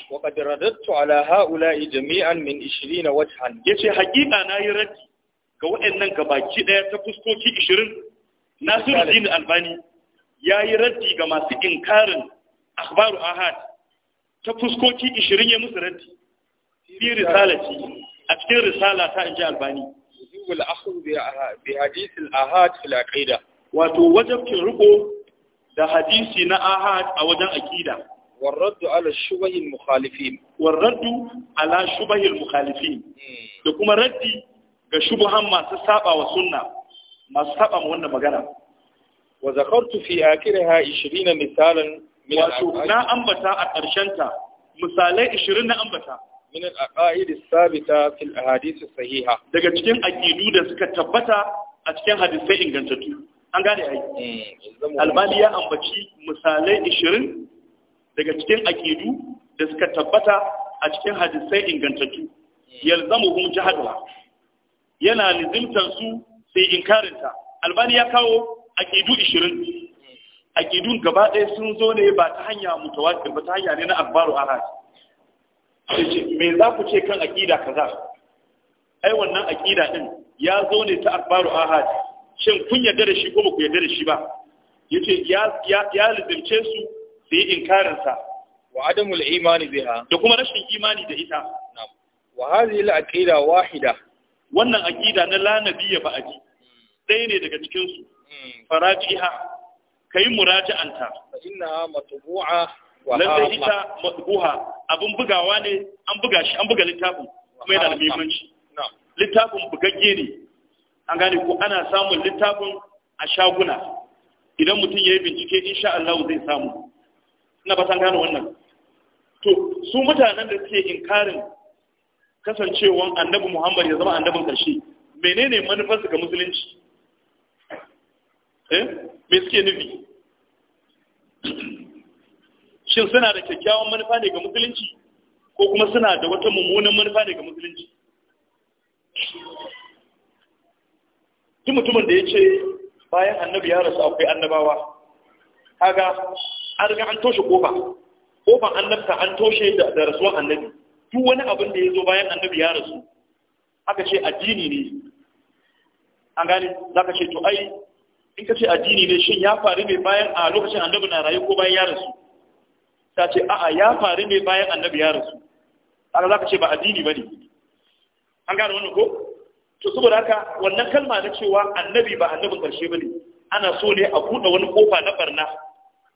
wa qad radattu ala ha'ula'i jami'an min 20 wajhan yace haƙiƙa nayi raddi ga waɗannan gabaki ɗaya ta fuskoki ishirin Nasiru, nasiruddin albani ya yi raddi ga masu inkarin akhbaru ahad ta fuskoki ishirin ya musu raddi fi risalati a cikin risala ta inji albani wal akhd bi hadith al ahad fil aqida wato wajabcin riko da hadisi na ahad a wajen aqida والرد على الشبه المخالفين والرد على شبه المخالفين da kuma raddi ga shubuhan masu saba wa sunna masu saba ma wannan magana wa zakartu fi akhiriha 20 misalan min wato na ambata a ƙarshen ta misalai 20 na ambata min al-aqaid as-sabita fil ahadith as-sahiha daga cikin aqidu da suka tabbata a cikin hadisai ingantattu an gane ai hmm, albani ya ambaci misalai 20 daga cikin aqidu da suka tabbata a cikin hadisai ingantattu hmm. yalzamuhum jahadwa yana lizimtar su sai inkarinta albani ya kawo aqidu 20 aqidun gaba ɗaya sun zo ne ba ta hanya mutawatir ba ta hanya ne na akbaru ahad me za ku ce kan aƙida kaza ai wannan aqida din ya zo ne ta akbaru ahad shin kun yarda da shi ko ba ku yarda da shi ba yace ya ya lizimce su sai inkarinsa wa adamul imani biha da kuma rashin imani da ita wa hadhihi al-aqida wahida wannan akida na la ya ba aji ɗaya ne daga cikin su hmm. ha, kai yi fa inna matbu'a wa lalle ita matbuha abun bugawa ne an buga shi an buga littafin kuma yana da muhimmanci littafin bugagge ne an gane ko ana samun littafin a shaguna idan mutum ya yi bincike insha Allah zai samu ina ba san gane wannan to su mutanen da suke inkarin kasancewan annabi Muhammad ya zama annabin ƙarshe menene manufarsu ga musulunci eh me suke nufi shin suna da kyakkyawan manufa ne ga musulunci ko kuma suna da wata mummunan manufa ne ga musulunci duk mutumin da ya ce bayan annabi ya rasu akwai annabawa kaga an riga an toshe kofa kofan annabta an toshe da rasuwan annabi duk wani abin da ya zo bayan annabi ya rasu aka ce addini ne an gane za ka ce to ai in ka ce addini ne shin ya faru ne bayan a lokacin annabi na rayu ko bayan ya rasu ta ce a'a ya faru ne bayan annabi ya rasu aka za ka ce ba addini ba ne an gane wannan ko to saboda haka wannan kalma na cewa annabi ba annabin karshe ba ne ana so ne a buɗe wani kofa na barna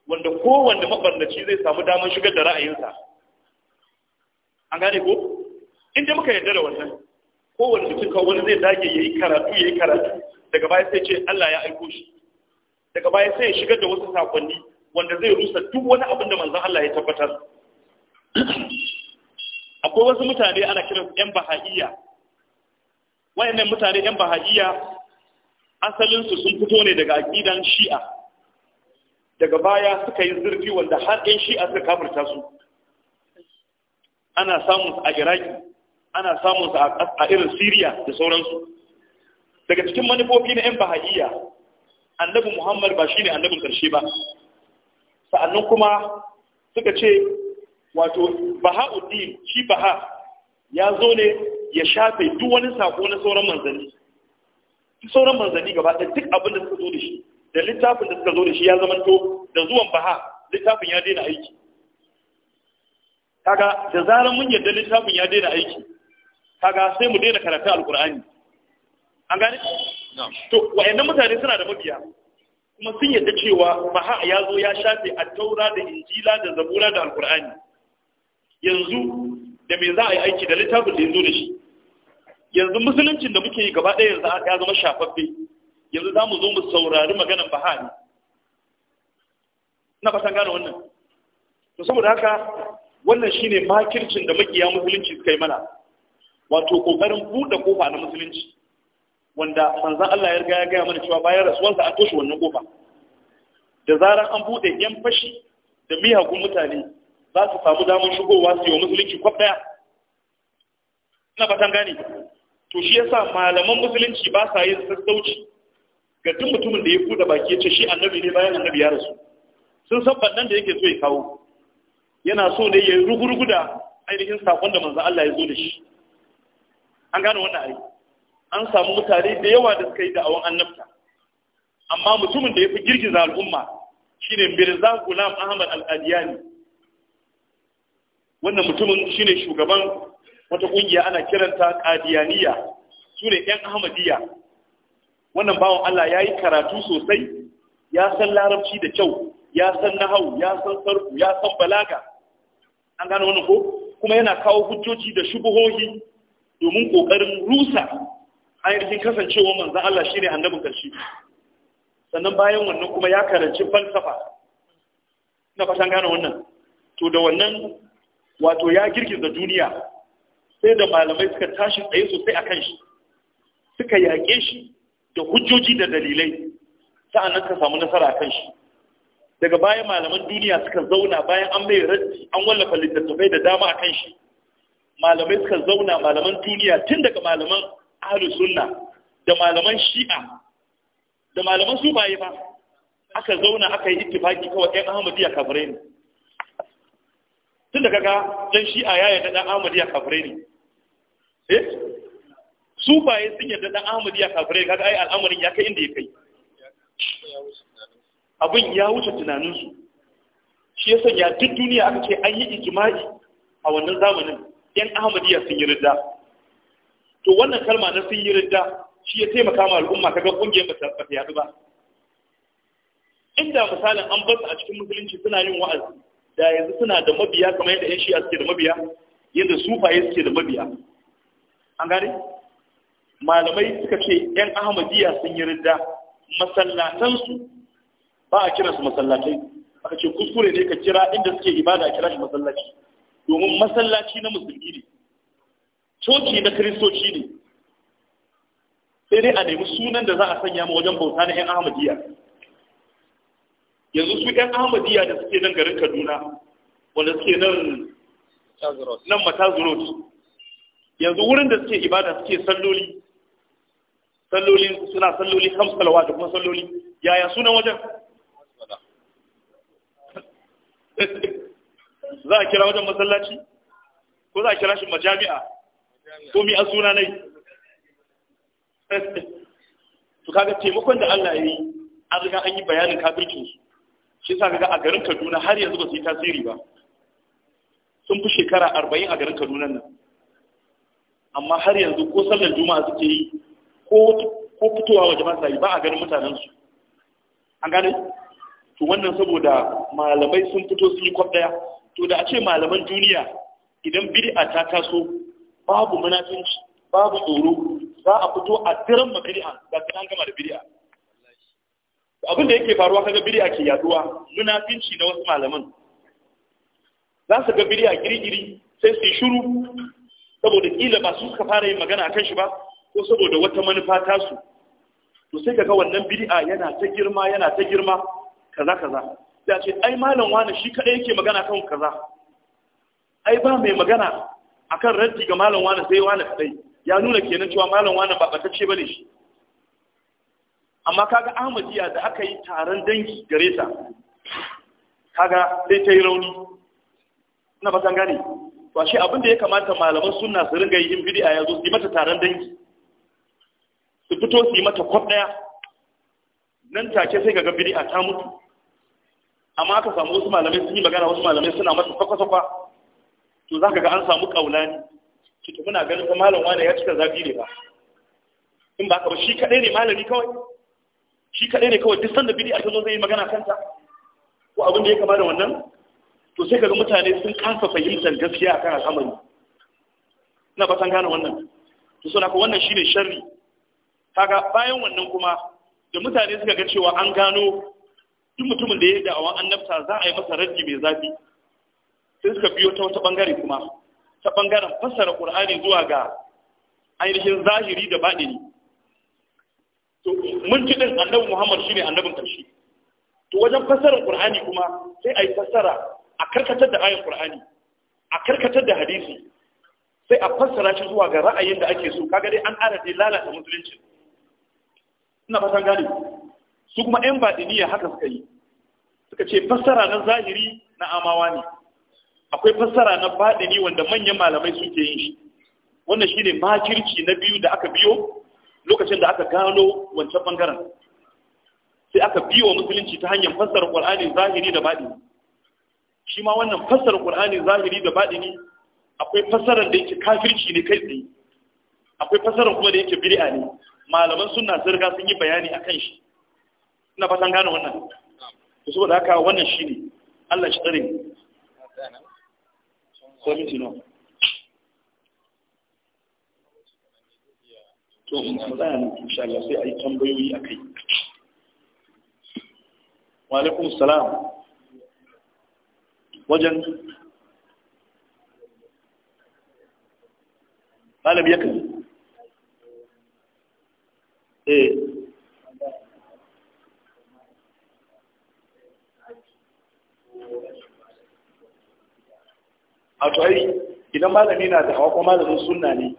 wanda kowanne mabarnaci zai samu damar shigar da ra'ayinsa an gane ko inda muka yarda da wannan kowane mutum kawai wani zai dage ya yi karatu ya yi karatu daga baya sai ce Allah ya aiko shi daga baya sai ya shigar da wasu sakonni wanda zai rusa duk wani abin da manzon Allah ya tabbatar akwai wasu mutane ana kiran yan bahaiya wayannan mutane yan bahaiya asalin su sun fito ne daga aqidan shi'a daga baya suka yi zurfi wanda har yan shi'a suka kafirta su ana samun a iraki ana samun su a irin siriya da sauransu daga cikin manufofi na 'yan bahaiya annabi muhammad ba shi ne annabin karshe ba sa'annan kuma suka ce wato baha'uddin shi baha ya zo ne ya shafe duk wani sako na sauran manzanni sauran manzanni gaba da duk abin da suka zo da shi da littafin da suka zo da shi ya zamanto da zuwan baha littafin ya daina aiki kaga da zarar mun yarda littafin ya daina aiki kaga sai mu daina karatu alkur'ani an gane to wayannan mutane suna da mabiya kuma sun yarda cewa maha ya zo ya shafe a taura da injila da zabura da alkur'ani yanzu da me za a yi aiki da littafin da yanzu da shi yanzu musuluncin da muke yi gaba ɗaya yanzu ya zama shafaffe yanzu za mu zo mu saurari maganan ne na fatan gane wannan to saboda haka wannan shine makircin da makiya musulunci suka yi mana wato kokarin buɗe kofa na musulunci wanda manzon Allah ya riga ya gaya mana cewa bayan rasuwarsa an toshe wannan kofa da zaran an buɗe yan fashi da miyagun mutane za su samu damar shigowa su yi wa musulunci kwaf daya ina fatan gane to shi yasa malaman musulunci ba sa yin sassauci ga duk mutumin da ya buɗe baki ya ce shi annabi ne bayan annabi ya rasu sun san bannan da yake so ya kawo yana so ne ya rugurgu da ainihin sakon da manzan Allah ya zo da shi an gane wannan ai an samu mutane da yawa da suka yi da'awan annabta amma mutumin da ya fi girgiza al'umma shine Mirza Gulam Ahmad al adiyani wannan mutumin shine shugaban wata kungiya ana kiranta Qadiyaniya sune yan Ahmadiyya wannan bawan Allah ya yi karatu sosai ya san larabci da kyau ya san nahau ya san sarku ya san balaga an gano wani ko kuma yana kawo hujjoji da shubuhohi domin kokarin rusa ainihin kasancewa manzan Allah shine annabin karshe sannan bayan wannan kuma ya karanci falsafa ina fatan gano wannan to da wannan wato ya girgiza duniya sai da malamai suka tashi tsaye sosai akan shi suka yaƙe shi da hujjoji da dalilai sa'annan ka samu nasara akan shi daga bayan malaman duniya suka zauna bayan an mai raddi an wallafa littattafai da dama a kan shi malamai suka zauna malaman duniya tun daga malaman ahlu sunna da malaman shi'a da malaman sufaye ba aka zauna aka yi ittifaki kawai ɗan ahmadiyya kafirai ne tun daga ga ɗan shi'a ya yarda ɗan ahmadiyya kafirai ne eh sufaye sun yarda ɗan ahmadiyya kafirai kaga ai al'amarin ya kai inda ya kai abin ya wuce tunaninsu shi ya sanya duk duniya aka ce an yi ijima'i a wannan zamanin yan ahmadiyya sun yi ridda to wannan kalma na sun yi ridda shi ya taimaka ma al'umma ga kungiyar ba ta yadu ba inda misalin an basu a cikin musulunci suna yin wa'azi da yanzu suna da mabiya kamar yadda yan shi'a suke da mabiya yadda sufaye suke da mabiya an gane malamai suka ce yan ahmadiyya sun yi ridda masallatansu ba a kira su masallatai aka ce kuskure ne ka kira inda suke ibada a kira shi masallaci domin masallaci na musulmi ne coci na kristoci ne sai dai a nemi sunan da za a sanya ma wajen bauta na 'yan ahmadiyya yanzu su 'yan ahmadiyya da suke nan garin kaduna wanda suke nan nan matazurot yanzu wurin da suke ibada suke salloli salloli suna salloli kamsalawa da kuma salloli yaya sunan wajen za a kira wajen masallaci ko za a kira shi majami'a ko mi a suna nai su kaga taimakon da Allah ya yi an riga an yi bayanin kafircin su shi sa kaga a garin Kaduna har yanzu ba su yi tasiri ba sun fi shekara arba'in a garin Kaduna nan amma har yanzu ko sallar juma'a suke yi ko fitowa wa jama'a ba a garin mutanen su an gane to wannan saboda malamai sun fito sun yi kwab to da a ce malaman duniya idan bid'a ta taso babu munafinci babu tsoro za a fito a diran mabid'a da sai an gama da bid'a abin da yake faruwa kaga bid'a ke yaduwa munafinci na wasu malaman za su ga bid'a girgiri sai su yi shiru saboda kila ba su suka fara yin magana akan shi ba ko saboda wata manufa tasu to sai kaga wannan bid'a yana ta girma yana ta girma kaza kaza ya ce ai malam wani shi kaɗai yake magana kan kaza ai ba mai magana akan raddi ga malam wani sai wani kaɗai ya nuna kenan cewa malam wani ba ɓatacce ba ne shi amma kaga ahmadiyya da aka yi taron dangi gare ta kaga sai ta yi rauni ina ba san gane to shi abin da ya kamata malaman sunna su ringa yin bid'a yanzu su yi mata taron dangi su fito su yi mata kwab ɗaya. nan take sai ga a ta mutu amma aka samu wasu malamai sun yi magana wasu malamai suna masa kwakwa-kwakwa to za ka ga an samu kaulani ki to muna ganin fa malam wani ya cika zafi ne ba in ba ka ba shi kadai ne malami kawai shi kadai ne kawai duk sanda bidi'a ta zo zai yi magana kanta ko abin da ya kama da wannan to sai kaga mutane sun kasa fahimtar gaskiya akan al'amari ina ba san gane wannan to so ko wannan shine sharri kaga bayan wannan kuma da mutane suka ga cewa an gano duk mutumin da ya yi da'awan annabta za a yi masa raddi mai zafi sai suka biyo ta wata bangare kuma ta bangaren fassara qur'ani zuwa ga ainihin zahiri da baɗini to mun ci din annabi muhammad shine annabin karshe to wajen fassara qur'ani kuma sai a yi fassara a karkatar da ayin qur'ani a karkatar da hadisi sai a fassara shi zuwa ga ra'ayin da ake so kaga dai an ara lalata musulunci ina fatan gane su kuma yan baɗiniya haka suka yi suka ce fassara na zahiri na amawa ne akwai fassara na baɗini wanda manyan malamai suke yin shi wannan shine makirci na biyu da aka biyo lokacin da aka gano wancan bangaren sai aka biyo wa musulunci ta hanyar fassara qur'ani zahiri da baɗini shi ma wannan fassara qur'ani zahiri da baɗini akwai fassarar da yake kafirci ne kai tsaye akwai fassarar kuma da yake bir'a ne malaman sunna sun riga sun yi bayani a kan shi ina fatan gane wannan su saboda haka wannan shi ne Allah shi ayi tambayoyi wa salam wajen ya a tuwai idan malami na da hawa ko malamin sunna ne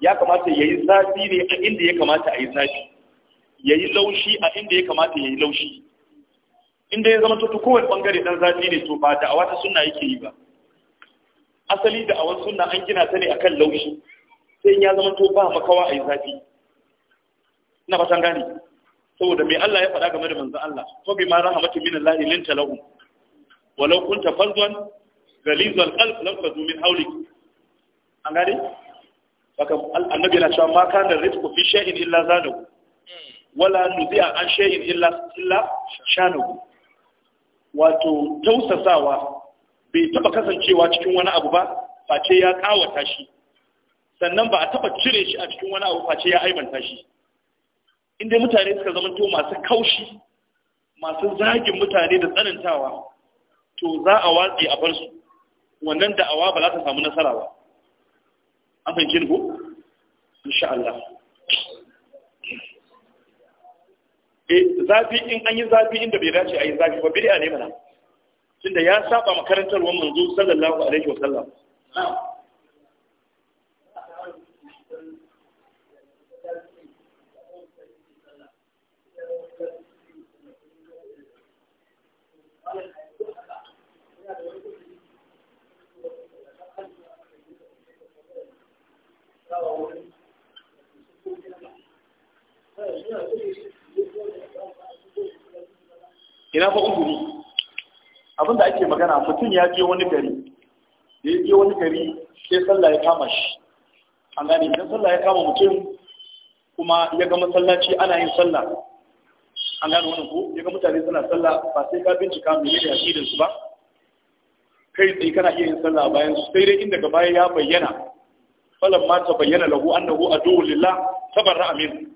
ya kamata ya yi zafi ne a inda ya kamata a yi zafi ya yi laushi a inda ya kamata ya yi laushi inda ya zama tutu kowane bangare dan zafi ne to ba da a wata sunna yake yi ba asali da awan sunna an gina ta ne akan laushi sai ya zama to ba makawa a yi zafi ina fatan gani saboda me Allah ya faɗa game da manzon Allah ko bi ma rahmatin min Allah linta lahum walau kunta fazwan ghalizal qalb lam fadu min hawlik an gani saka annabi yana cewa ma kana rizqu fi shay'in illa zanahu wala nuzi'a an shay'in illa illa shanahu wato tausasawa bai taba kasancewa cikin wani abu ba face ya kawata shi sannan ba a taba cire shi a cikin wani abu face ya aibanta shi inda mutane suka to masu kaushi masu zagin mutane da tsanantawa to za a watsi a bar su wannan da'awa ba za ta samu nasara ba an fahimci ko insha Allah eh zafi in an yi zafi inda bai dace a yi zafi ba bid'a ne mana tunda ya saba makarantar wannan manzo sallallahu alaihi wasallam na'am ina fa uzuri abinda ake magana mutum ya je wani gari da ya je wani gari sai sallah ya kama shi an gane idan sallah ya kama mutum kuma ya ga masallaci ana yin sallah an gane wani ko ya ga mutane suna sallah ba sai ka bincika mai yadda ya su ba kai tsaye kana iya yin sallah bayan su sai dai inda gaba ya bayyana falamma tabayyana lahu annahu aduwwu lillah tabarra amin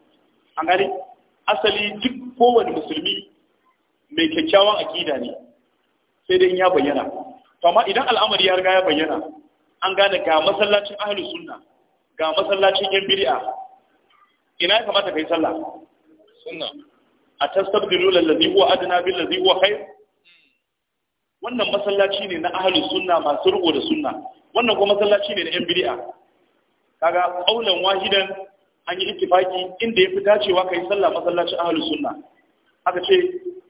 an gani asali duk kowane musulmi mai kyakkyawan akida ne sai dai ya bayyana amma idan al'amari ya riga ya bayyana an gane ga masallacin ahlus sunna ga masallacin yan bid'a ina ya kamata kai sallah sunna a tastabdilu lillazi huwa adna bil ladhi huwa khair wannan masallaci ne na ahlus sunna masu riko da sunna wannan kuma masallaci ne na yan bid'a kaga ƙaunar wahidan an yi ittifaki inda ya fi dacewa ka yi sallah masallacin ahlus sunna aka ce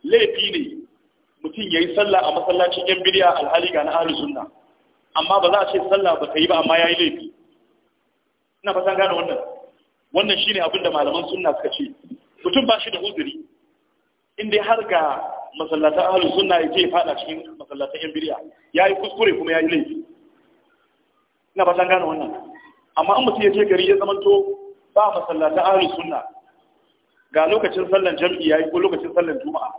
laifi ne mutum ya yi sallah a masallacin yan bidiya alhali ga na ahlus sunna amma ba za a ce sallah ba ta yi ba amma ya yi laifi ina fatan gane wannan wannan shine abin da malaman sunna suka ce mutum ba shi da uzuri inda har ga masallatan ahlus sunna ya je fada cikin masallatan yan bidiya ya yi kuskure kuma ya yi laifi ina fatan gane wannan amma an mutu ya ce gari ya zamanto ba a ahli suna ga lokacin sallan jam'i ya yi ko lokacin sallan juma'a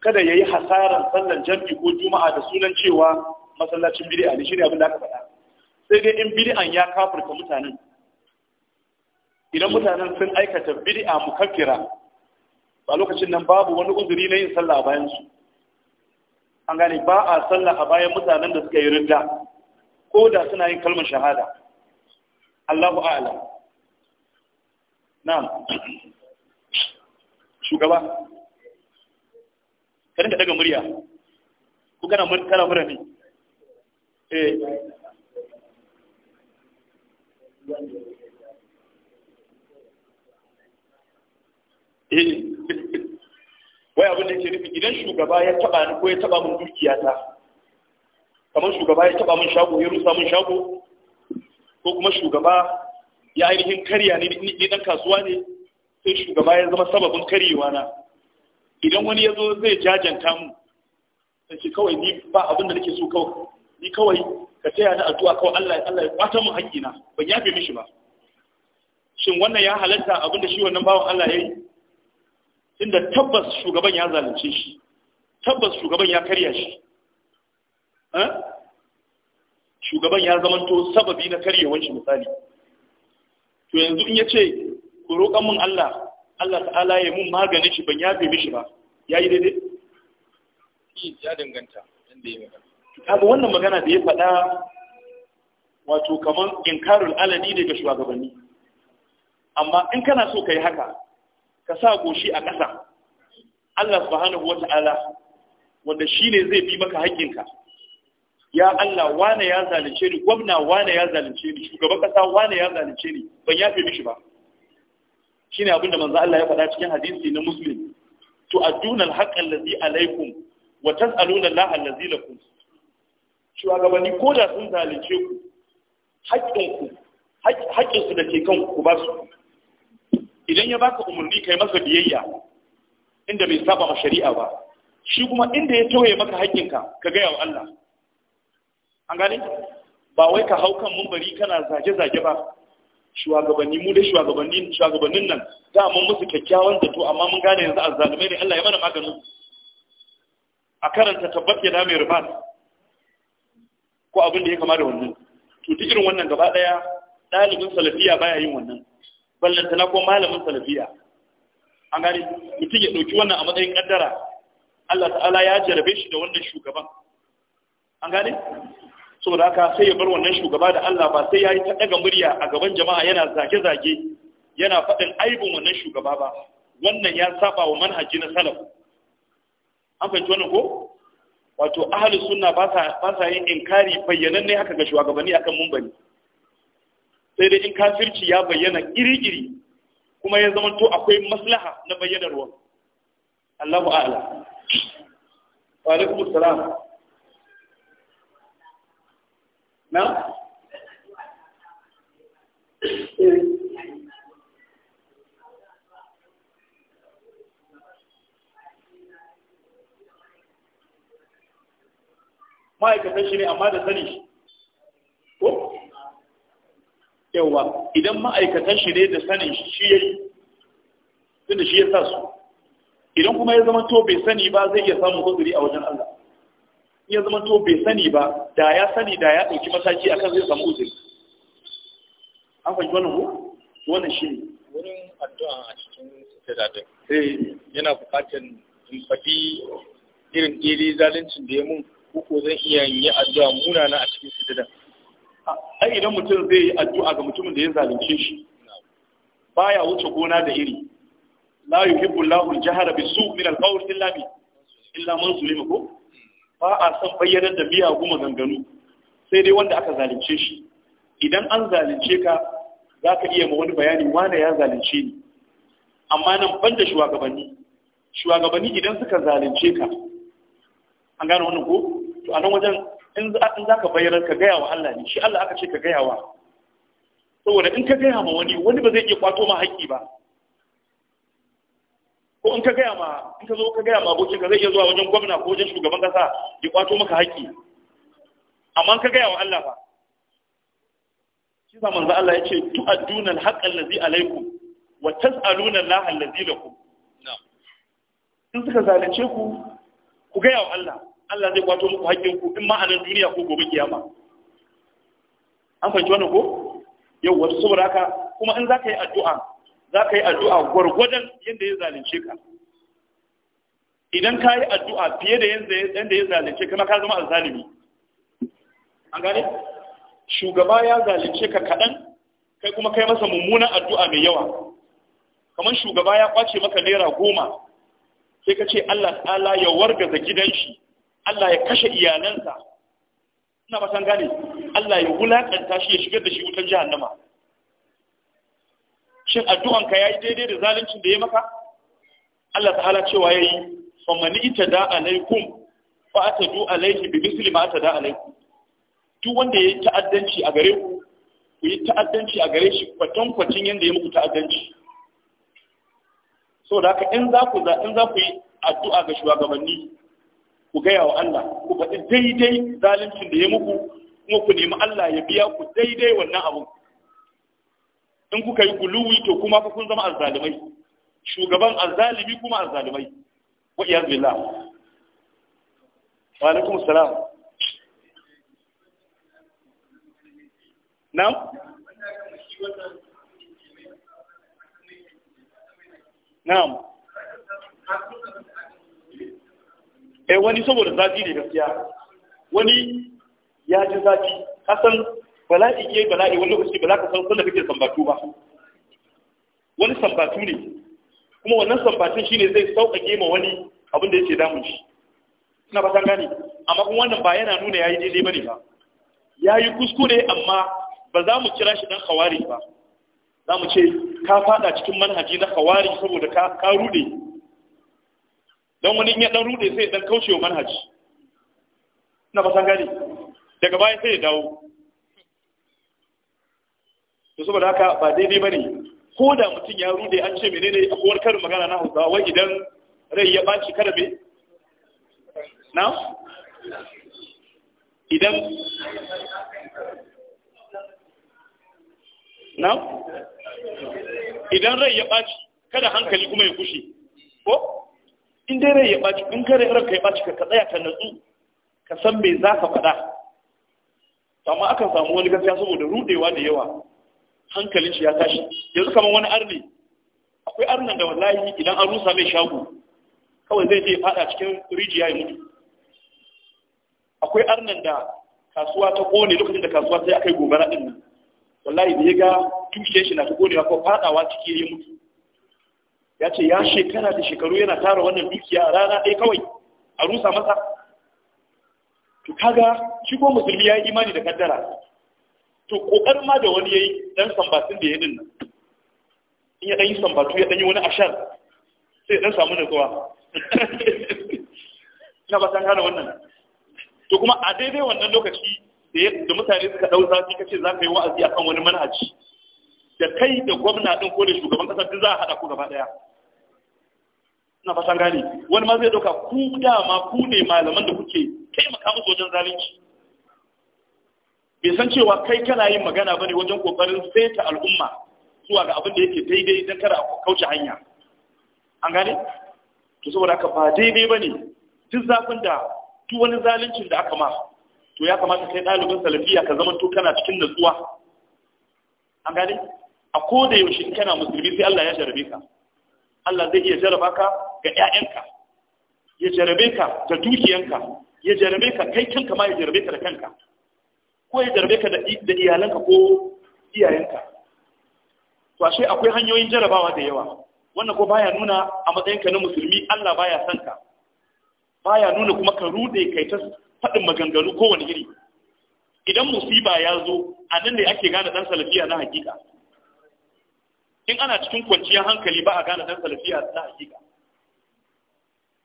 kada ya yi hasaran sallan jam'i ko juma'a da sunan cewa masallacin bid'a ne shine abin da aka faɗa sai dai in bid'an ya kafirta mutanen idan mutanen sun aikata mu kafira ba lokacin nan babu wani uzuri na yin sallah a bayan su an gane ba a sallah a bayan mutanen da suka yi ridda ko da suna yin kalmar shahada Allahu ala. na'am shugaba ka daga murya Ku kana mun kana mura ne eh, eh. wai abin da ke nufi idan shugaba ya taba ni ko ya taba min dukiya ta kamar shugaba ya taba min shago ya rusa min shago ko kuma shugaba ya ainihin karya ne ni dan kasuwa ne sai shugaba ya zama sababin karyewa na idan wani ya zo zai jajanta mu sai ce kawai ni ba abin da nake so kawai ni kawai ka taya ni addu'a kawai Allah Allah ya kwata mu haƙƙina ban yafe mishi ba shin wannan ya halatta abin da shi wannan bawan Allah ya yi inda tabbas shugaban ya zalunce shi tabbas shugaban ya karya shi eh? shugaban ya zamanto sababi na karyewar shi misali to yanzu in ya ce ku roƙan mun Allah Allah ta'ala ya mun maganin shi ban yafe mishi ba ya yi daidai ya danganta inda ya magana wannan magana da ya faɗa wato kamar inkarul alani ne ga shugabanni amma in kana so ka yi haka ka sa goshi a ƙasa Allah subhanahu wata'ala wanda shi ne zai bi maka haƙƙinka ya Allah wane ya zalunce ni gwamna wane ya zalunce ni shugaban kasa wane ya zalunce ni ban yafe mishi ba shine abin da manzo Allah ya faɗa cikin hadisi na Muslim to aduna alhaq allazi alaikum wa tas'aluna Allah allazi lakum shugabanni ko da sun zalunce ku haƙƙin ku haƙƙin su da ke kan ku ba su idan ya baka umarni kai masa biyayya inda bai saba ma shari'a ba shi kuma inda ya tauye maka haƙƙinka ka ga wa Allah an gane ba wai ka hau kan mumbari kana zage-zage ba shugabanni mu da shugabannin shugabannin nan da mun musu kyakkyawan zato amma mun gane yanzu azzalumai ne Allah ya mana maganin a karanta tabbat ya dame ribat ko abin da ya kama da wannan to duk irin wannan gaba daya dalibin salafiya baya yin wannan ballanta na ko malamin salafiya an gane mutum ya dauki wannan a matsayin kaddara Allah ta'ala ya jarabe shi da wannan shugaban an gane saboda haka sai ya bar wannan shugaba da Allah ba sai ya yi ta daga murya a gaban jama'a yana zage-zage yana faɗin aibin wannan shugaba ba wannan ya saba wa manhaji na salaf an fahimci wannan ko wato ahlus sunna ba sa ba sa yin inkari ne haka ga shugabanni akan mumbani. sai dai in kafirci ya bayyana iri-iri kuma ya zama to akwai maslaha na bayyanarwa Allahu a'ala wa alaikum assalam na ma'aikatan shi ne amma da sani shi ko Yauwa, idan ma'aikatan shi ne da sanin shi ya yi tunda shi ya sa su idan kuma ya zama to bai sani ba zai iya samun kuzuri a wajen Allah ya zama to bai sani ba da ya sani da ya ɗauki mataki akan zai samu uzuri an fahimci wannan ko wannan shi ne wurin addu'a a cikin sujada din eh. yana buƙatar in faɗi irin ɗiri zaluncin da ya mun ko zan iya yin addu'a munana a cikin sujada ai idan mutum zai yi addu'a ga mutumin da ya zalunce shi baya wuce gona da iri la yuhibbu Allahu al-jahra bis min al-qawli illa bi illa man zulima ko ba a son bayyanar da guma maganganu sai dai wanda aka zalunce shi idan an zalunce ka za ka iya ma wani bayani wane ya zalunce ni amma nan banda shugabanni shugabanni idan suka zalunce ka an gane wannan ko to a nan wajen in za ka bayyanar ka gaya wa Allah ne shi Allah aka ce ka gaya wa saboda in ka gaya ma wani wani ba zai iya kwato ma haƙƙi ba ko in ka gaya ma in ka zo ka gaya ma abokin ka zai iya zuwa wajen gwamna ko wajen shugaban kasa ya kwato maka haƙƙi amma ka gaya wa Allah ba shi sa Allah ya ce tu aduna haqqa allazi alaykum wa tas'aluna Allah allazi lakum in suka zalunce ku ku gaya wa Allah Allah zai kwato muku haƙƙin ku in ma a nan duniya ko gobe kiyama an fahimci wannan ko yau wasu saboda haka kuma in za ka yi addu'a za ka yi addu'a gwargwadon yadda ya zalunce ka idan ka yi addu'a fiye da yadda ya zalunce ka ka zama alzalimi. an gane shugaba ya zalunce ka kaɗan kai kuma kai masa mummunan addu'a mai yawa kamar shugaba ya kwace maka naira goma sai ka ce Allah ta'ala ya wargaza gidan shi Allah ya kashe iyalansa ina ba san gane Allah ya wulaƙanta shi ya shigar da shi wutar nama. shin addu'anka yayi daidai da zaluncin da ya maka Allah ta'ala cewa yayi fa ita da alaikum fa du alaihi bi misli ma da alaikum duk wanda yayi ta'addanci a gare ku ku yi ta'addanci a gare shi kwatan kwatin yanda ya muku ta'addanci da haka in za ku za in za ku yi addu'a ga shugabanni ku gaya wa Allah ku faɗi daidai zaluncin da ya muku kuma ku nemi Allah ya biya ku daidai wannan abun in kuka yi guluwi to kuma kun zama azzalimai shugaban azzalimi kuma azzalimai wa iyaz billah wa alaikum salam na'am Na. eh wani saboda zafi ne gaskiya wani ya ji zafi kasan bala'i ke bala'i wani lokaci ba za ka san sanda kake sambatu ba wani sambatu ne kuma wannan sambatun shine zai sauƙaƙe ma wani abin da yake damun shi ina ba gane amma kuma wannan ba yana nuna yayi daidai bane ba yayi kuskure amma ba za mu kira shi dan khawari ba za mu ce ka fada cikin manhaji na khawari saboda ka ka rude dan wani ya dan rude sai dan kauce wa manhaji ina ba gane daga baya sai ya dawo to saboda haka ba daidai bane ko da mutum ya rude an ce menene akwai wani karin magana na Hausawa wai idan rai ya baci kada na idan na idan rai ya baci kada hankali kuma ya kushe ko in dai rai ya baci in kare ranka ya baci ka tsaya ka natsu ka san me za ka faɗa amma akan samu wani gaskiya saboda rudewa da yawa hankalin shi ya tashi yanzu kamar wani arni akwai arnan da wallahi idan an rusa mai shago kawai zai je fada cikin rijiya ya mutu akwai arnan da kasuwa ta kone lokacin da kasuwa sai akai gobara din nan wallahi da ya ga tushe shi na ta konewa ko fadawa ciki ya mutu ya ce ya shekara da shekaru yana tara wannan dukiya a rana ɗaya kawai a rusa masa to kaga shi ko musulmi ya yi imani da kaddara to kokarin ma da wani yayi dan sambatin da ya din nan in ya dan yi sambatu ya dan yi wani ashar sai dan samu nutsuwa ina ba san gane wannan to kuma a daidai wannan lokaci da mutane suka dau zafi kace za ka yi wa'azi akan wani manhaji da kai da gwamna din ko da shugaban kasa duk za a hada ku gaba daya ina fatan gane wani ma zai dauka ku dama ku ne malaman da kuke taimaka musu wajen zalunci bai san cewa kai kana yin magana bane wajen kokarin saita al'umma zuwa ga abin da yake daidai don kada a kauce hanya an gane to saboda ka ba daidai bane duk zafin da tu wani zaluncin da aka ma to ya kamata kai ɗalibin salafiya ka zama to kana cikin natsuwa an gane a ko da yaushe kana musulmi sai Allah ya jarabe ka Allah zai iya jaraba ka ga ƴaƴanka ya jarabe ka da dukiyanka ya jarabe ka kai kanka ma ya jarabe ka da kanka ko ya jarbe ka da iyalanka ko iyayenka to ashe akwai hanyoyin jarabawa da yawa wannan ko baya nuna a matsayinka na musulmi Allah baya son ka baya nuna kuma ka rude kai ta faɗin maganganu kowane iri idan musiba ya zo a nan ne ake gane ɗan salafiya na hakika in ana cikin kwanciyar hankali ba a gane ɗan salafiya na hakika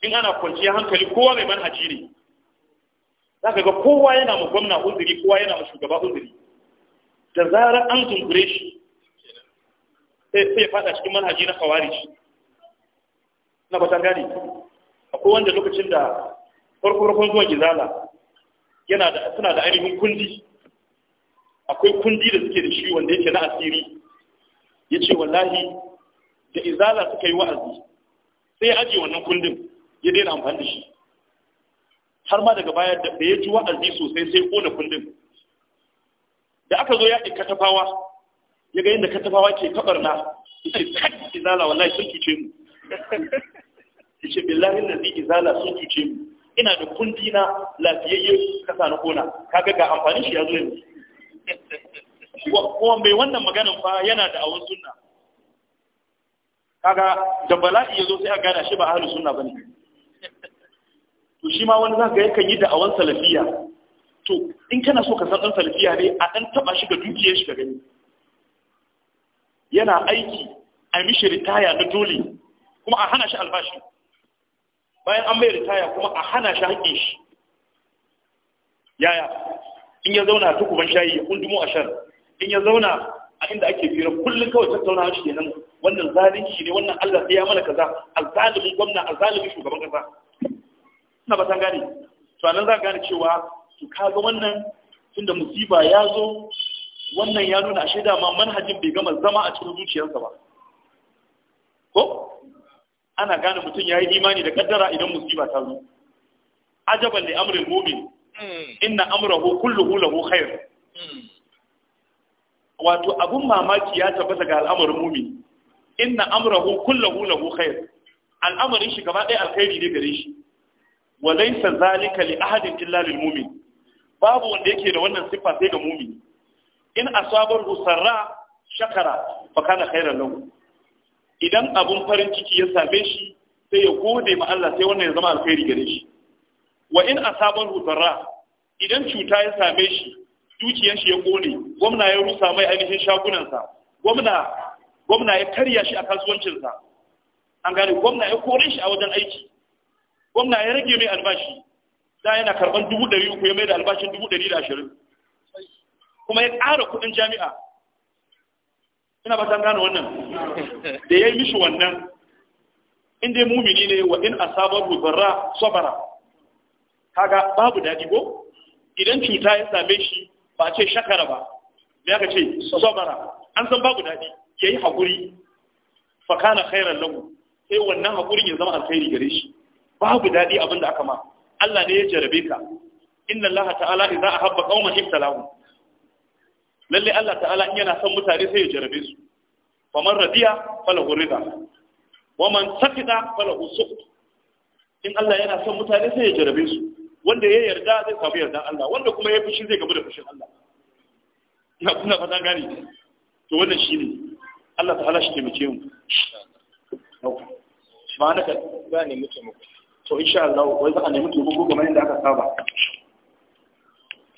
in ana kwanciyar hankali kowa mai manhaji ne za ka ga kowa yana mu gwamna uzuri kowa yana mu shugaba uzuri da zarar an zungure shi sai ya fada cikin manhaji na shi na batan gane akwai wanda lokacin da farko farkon zuwa gizala yana da suna da ainihin kundi akwai kundi da suke da shi wanda yake na asiri ya ce wallahi da izala suka yi wa'azi sai ya ajiye wannan kundin ya daina amfani da shi har ma daga baya da ya ji wa'azi sosai sai kona kullum da aka zo yaƙi katafawa ya ga yadda katafawa ke kabarna yace kai izala wallahi sun cuce mu yace billahi lazi izala sun cuce mu ina da kundi na lafiyayye kasa na kona kaga ga amfanin shi ya zo yanzu kuma mai wannan maganin fa yana da awon sunna kaga da bala'i ya zo sai a gada shi ba ahlus sunna bane to shi ma wani zaka yakan yi da'awan salafiya to in kana so ka san dan salafiya ne a dan taba shi ga dukiyar shi gani yana aiki a mishi ritaya na dole kuma a hana shi albashi bayan an mai ritaya kuma a hana shi haƙƙin shi yaya in ya zauna a tukuban shayi ya kundumo a shan in ya zauna a inda ake fira kullum kawai tattauna shi kenan wannan zalunci ne wannan Allah ya mana kaza azzalimin gwamna azzalimin shugaban kasa suna ba ta gane to anan za ka gane cewa to kaga wannan tunda musiba ya zo wannan ya nuna ashe da ma manhajin bai gama zama a cikin zuciyarsa ba ko ana gane mutum ya yi imani da kaddara idan musiba ta zo ajaban li amrin mu'min hmm. inna amrahu kulluhu lahu khair hmm. wato abun mamaki ya tabbata ga al'amarin mu'min inna amrahu kulluhu lahu khair al'amarin shi gaba ɗaya alkhairi ne gare shi wa laysa zalika li ahadin illa lil mu'min babu wanda yake da wannan sifa sai ga mu'mini in asabahu sarra shakara fa kana khairan lahu idan abun farin ciki ya same shi sai ya gode ma Allah sai wannan ya zama alkhairi gare shi wa in asabahu darra idan cuta ya same shi dukiyar shi ya kone gwamna ya rusa mai ainihin shagunansa gwamna gwamna ya karya shi a kasuwancinsa an gane gwamna ya kore shi a wajen aiki gwamna ya rage mai albashi da yana karban dubu ɗari uku ya mai da albashin dubu ɗari da ashirin kuma ya ƙara kuɗin jami'a ina ba san gane wannan da ya yi mishi wannan in dai mumini ne wa in asabar zarra sabara kaga babu daɗi ko idan cuta ya same shi ba ce shakara ba me aka ce sabara an san babu daɗi yi hakuri fa kana khairan lahu sai wannan hakuri ya zama alkhairi gare shi babu daɗi abin da aka ma Allah ne ya jarabe ka inna Allah ta'ala idza ahabba qauman ibtalahum lalle Allah ta'ala in yana son mutane sai ya jarabe su faman radiya falahu rida wa man saqita falahu suqt in Allah yana son mutane sai ya jarabe su wanda ya yarda zai samu yarda Allah wanda kuma ya fushi zai gamu da fushin Allah na kuna fatan gani to wannan shine Allah ta'ala shi taimake mu ba na ka gane mutum to insha Allah wai za a nemi taimako kamar yadda aka saba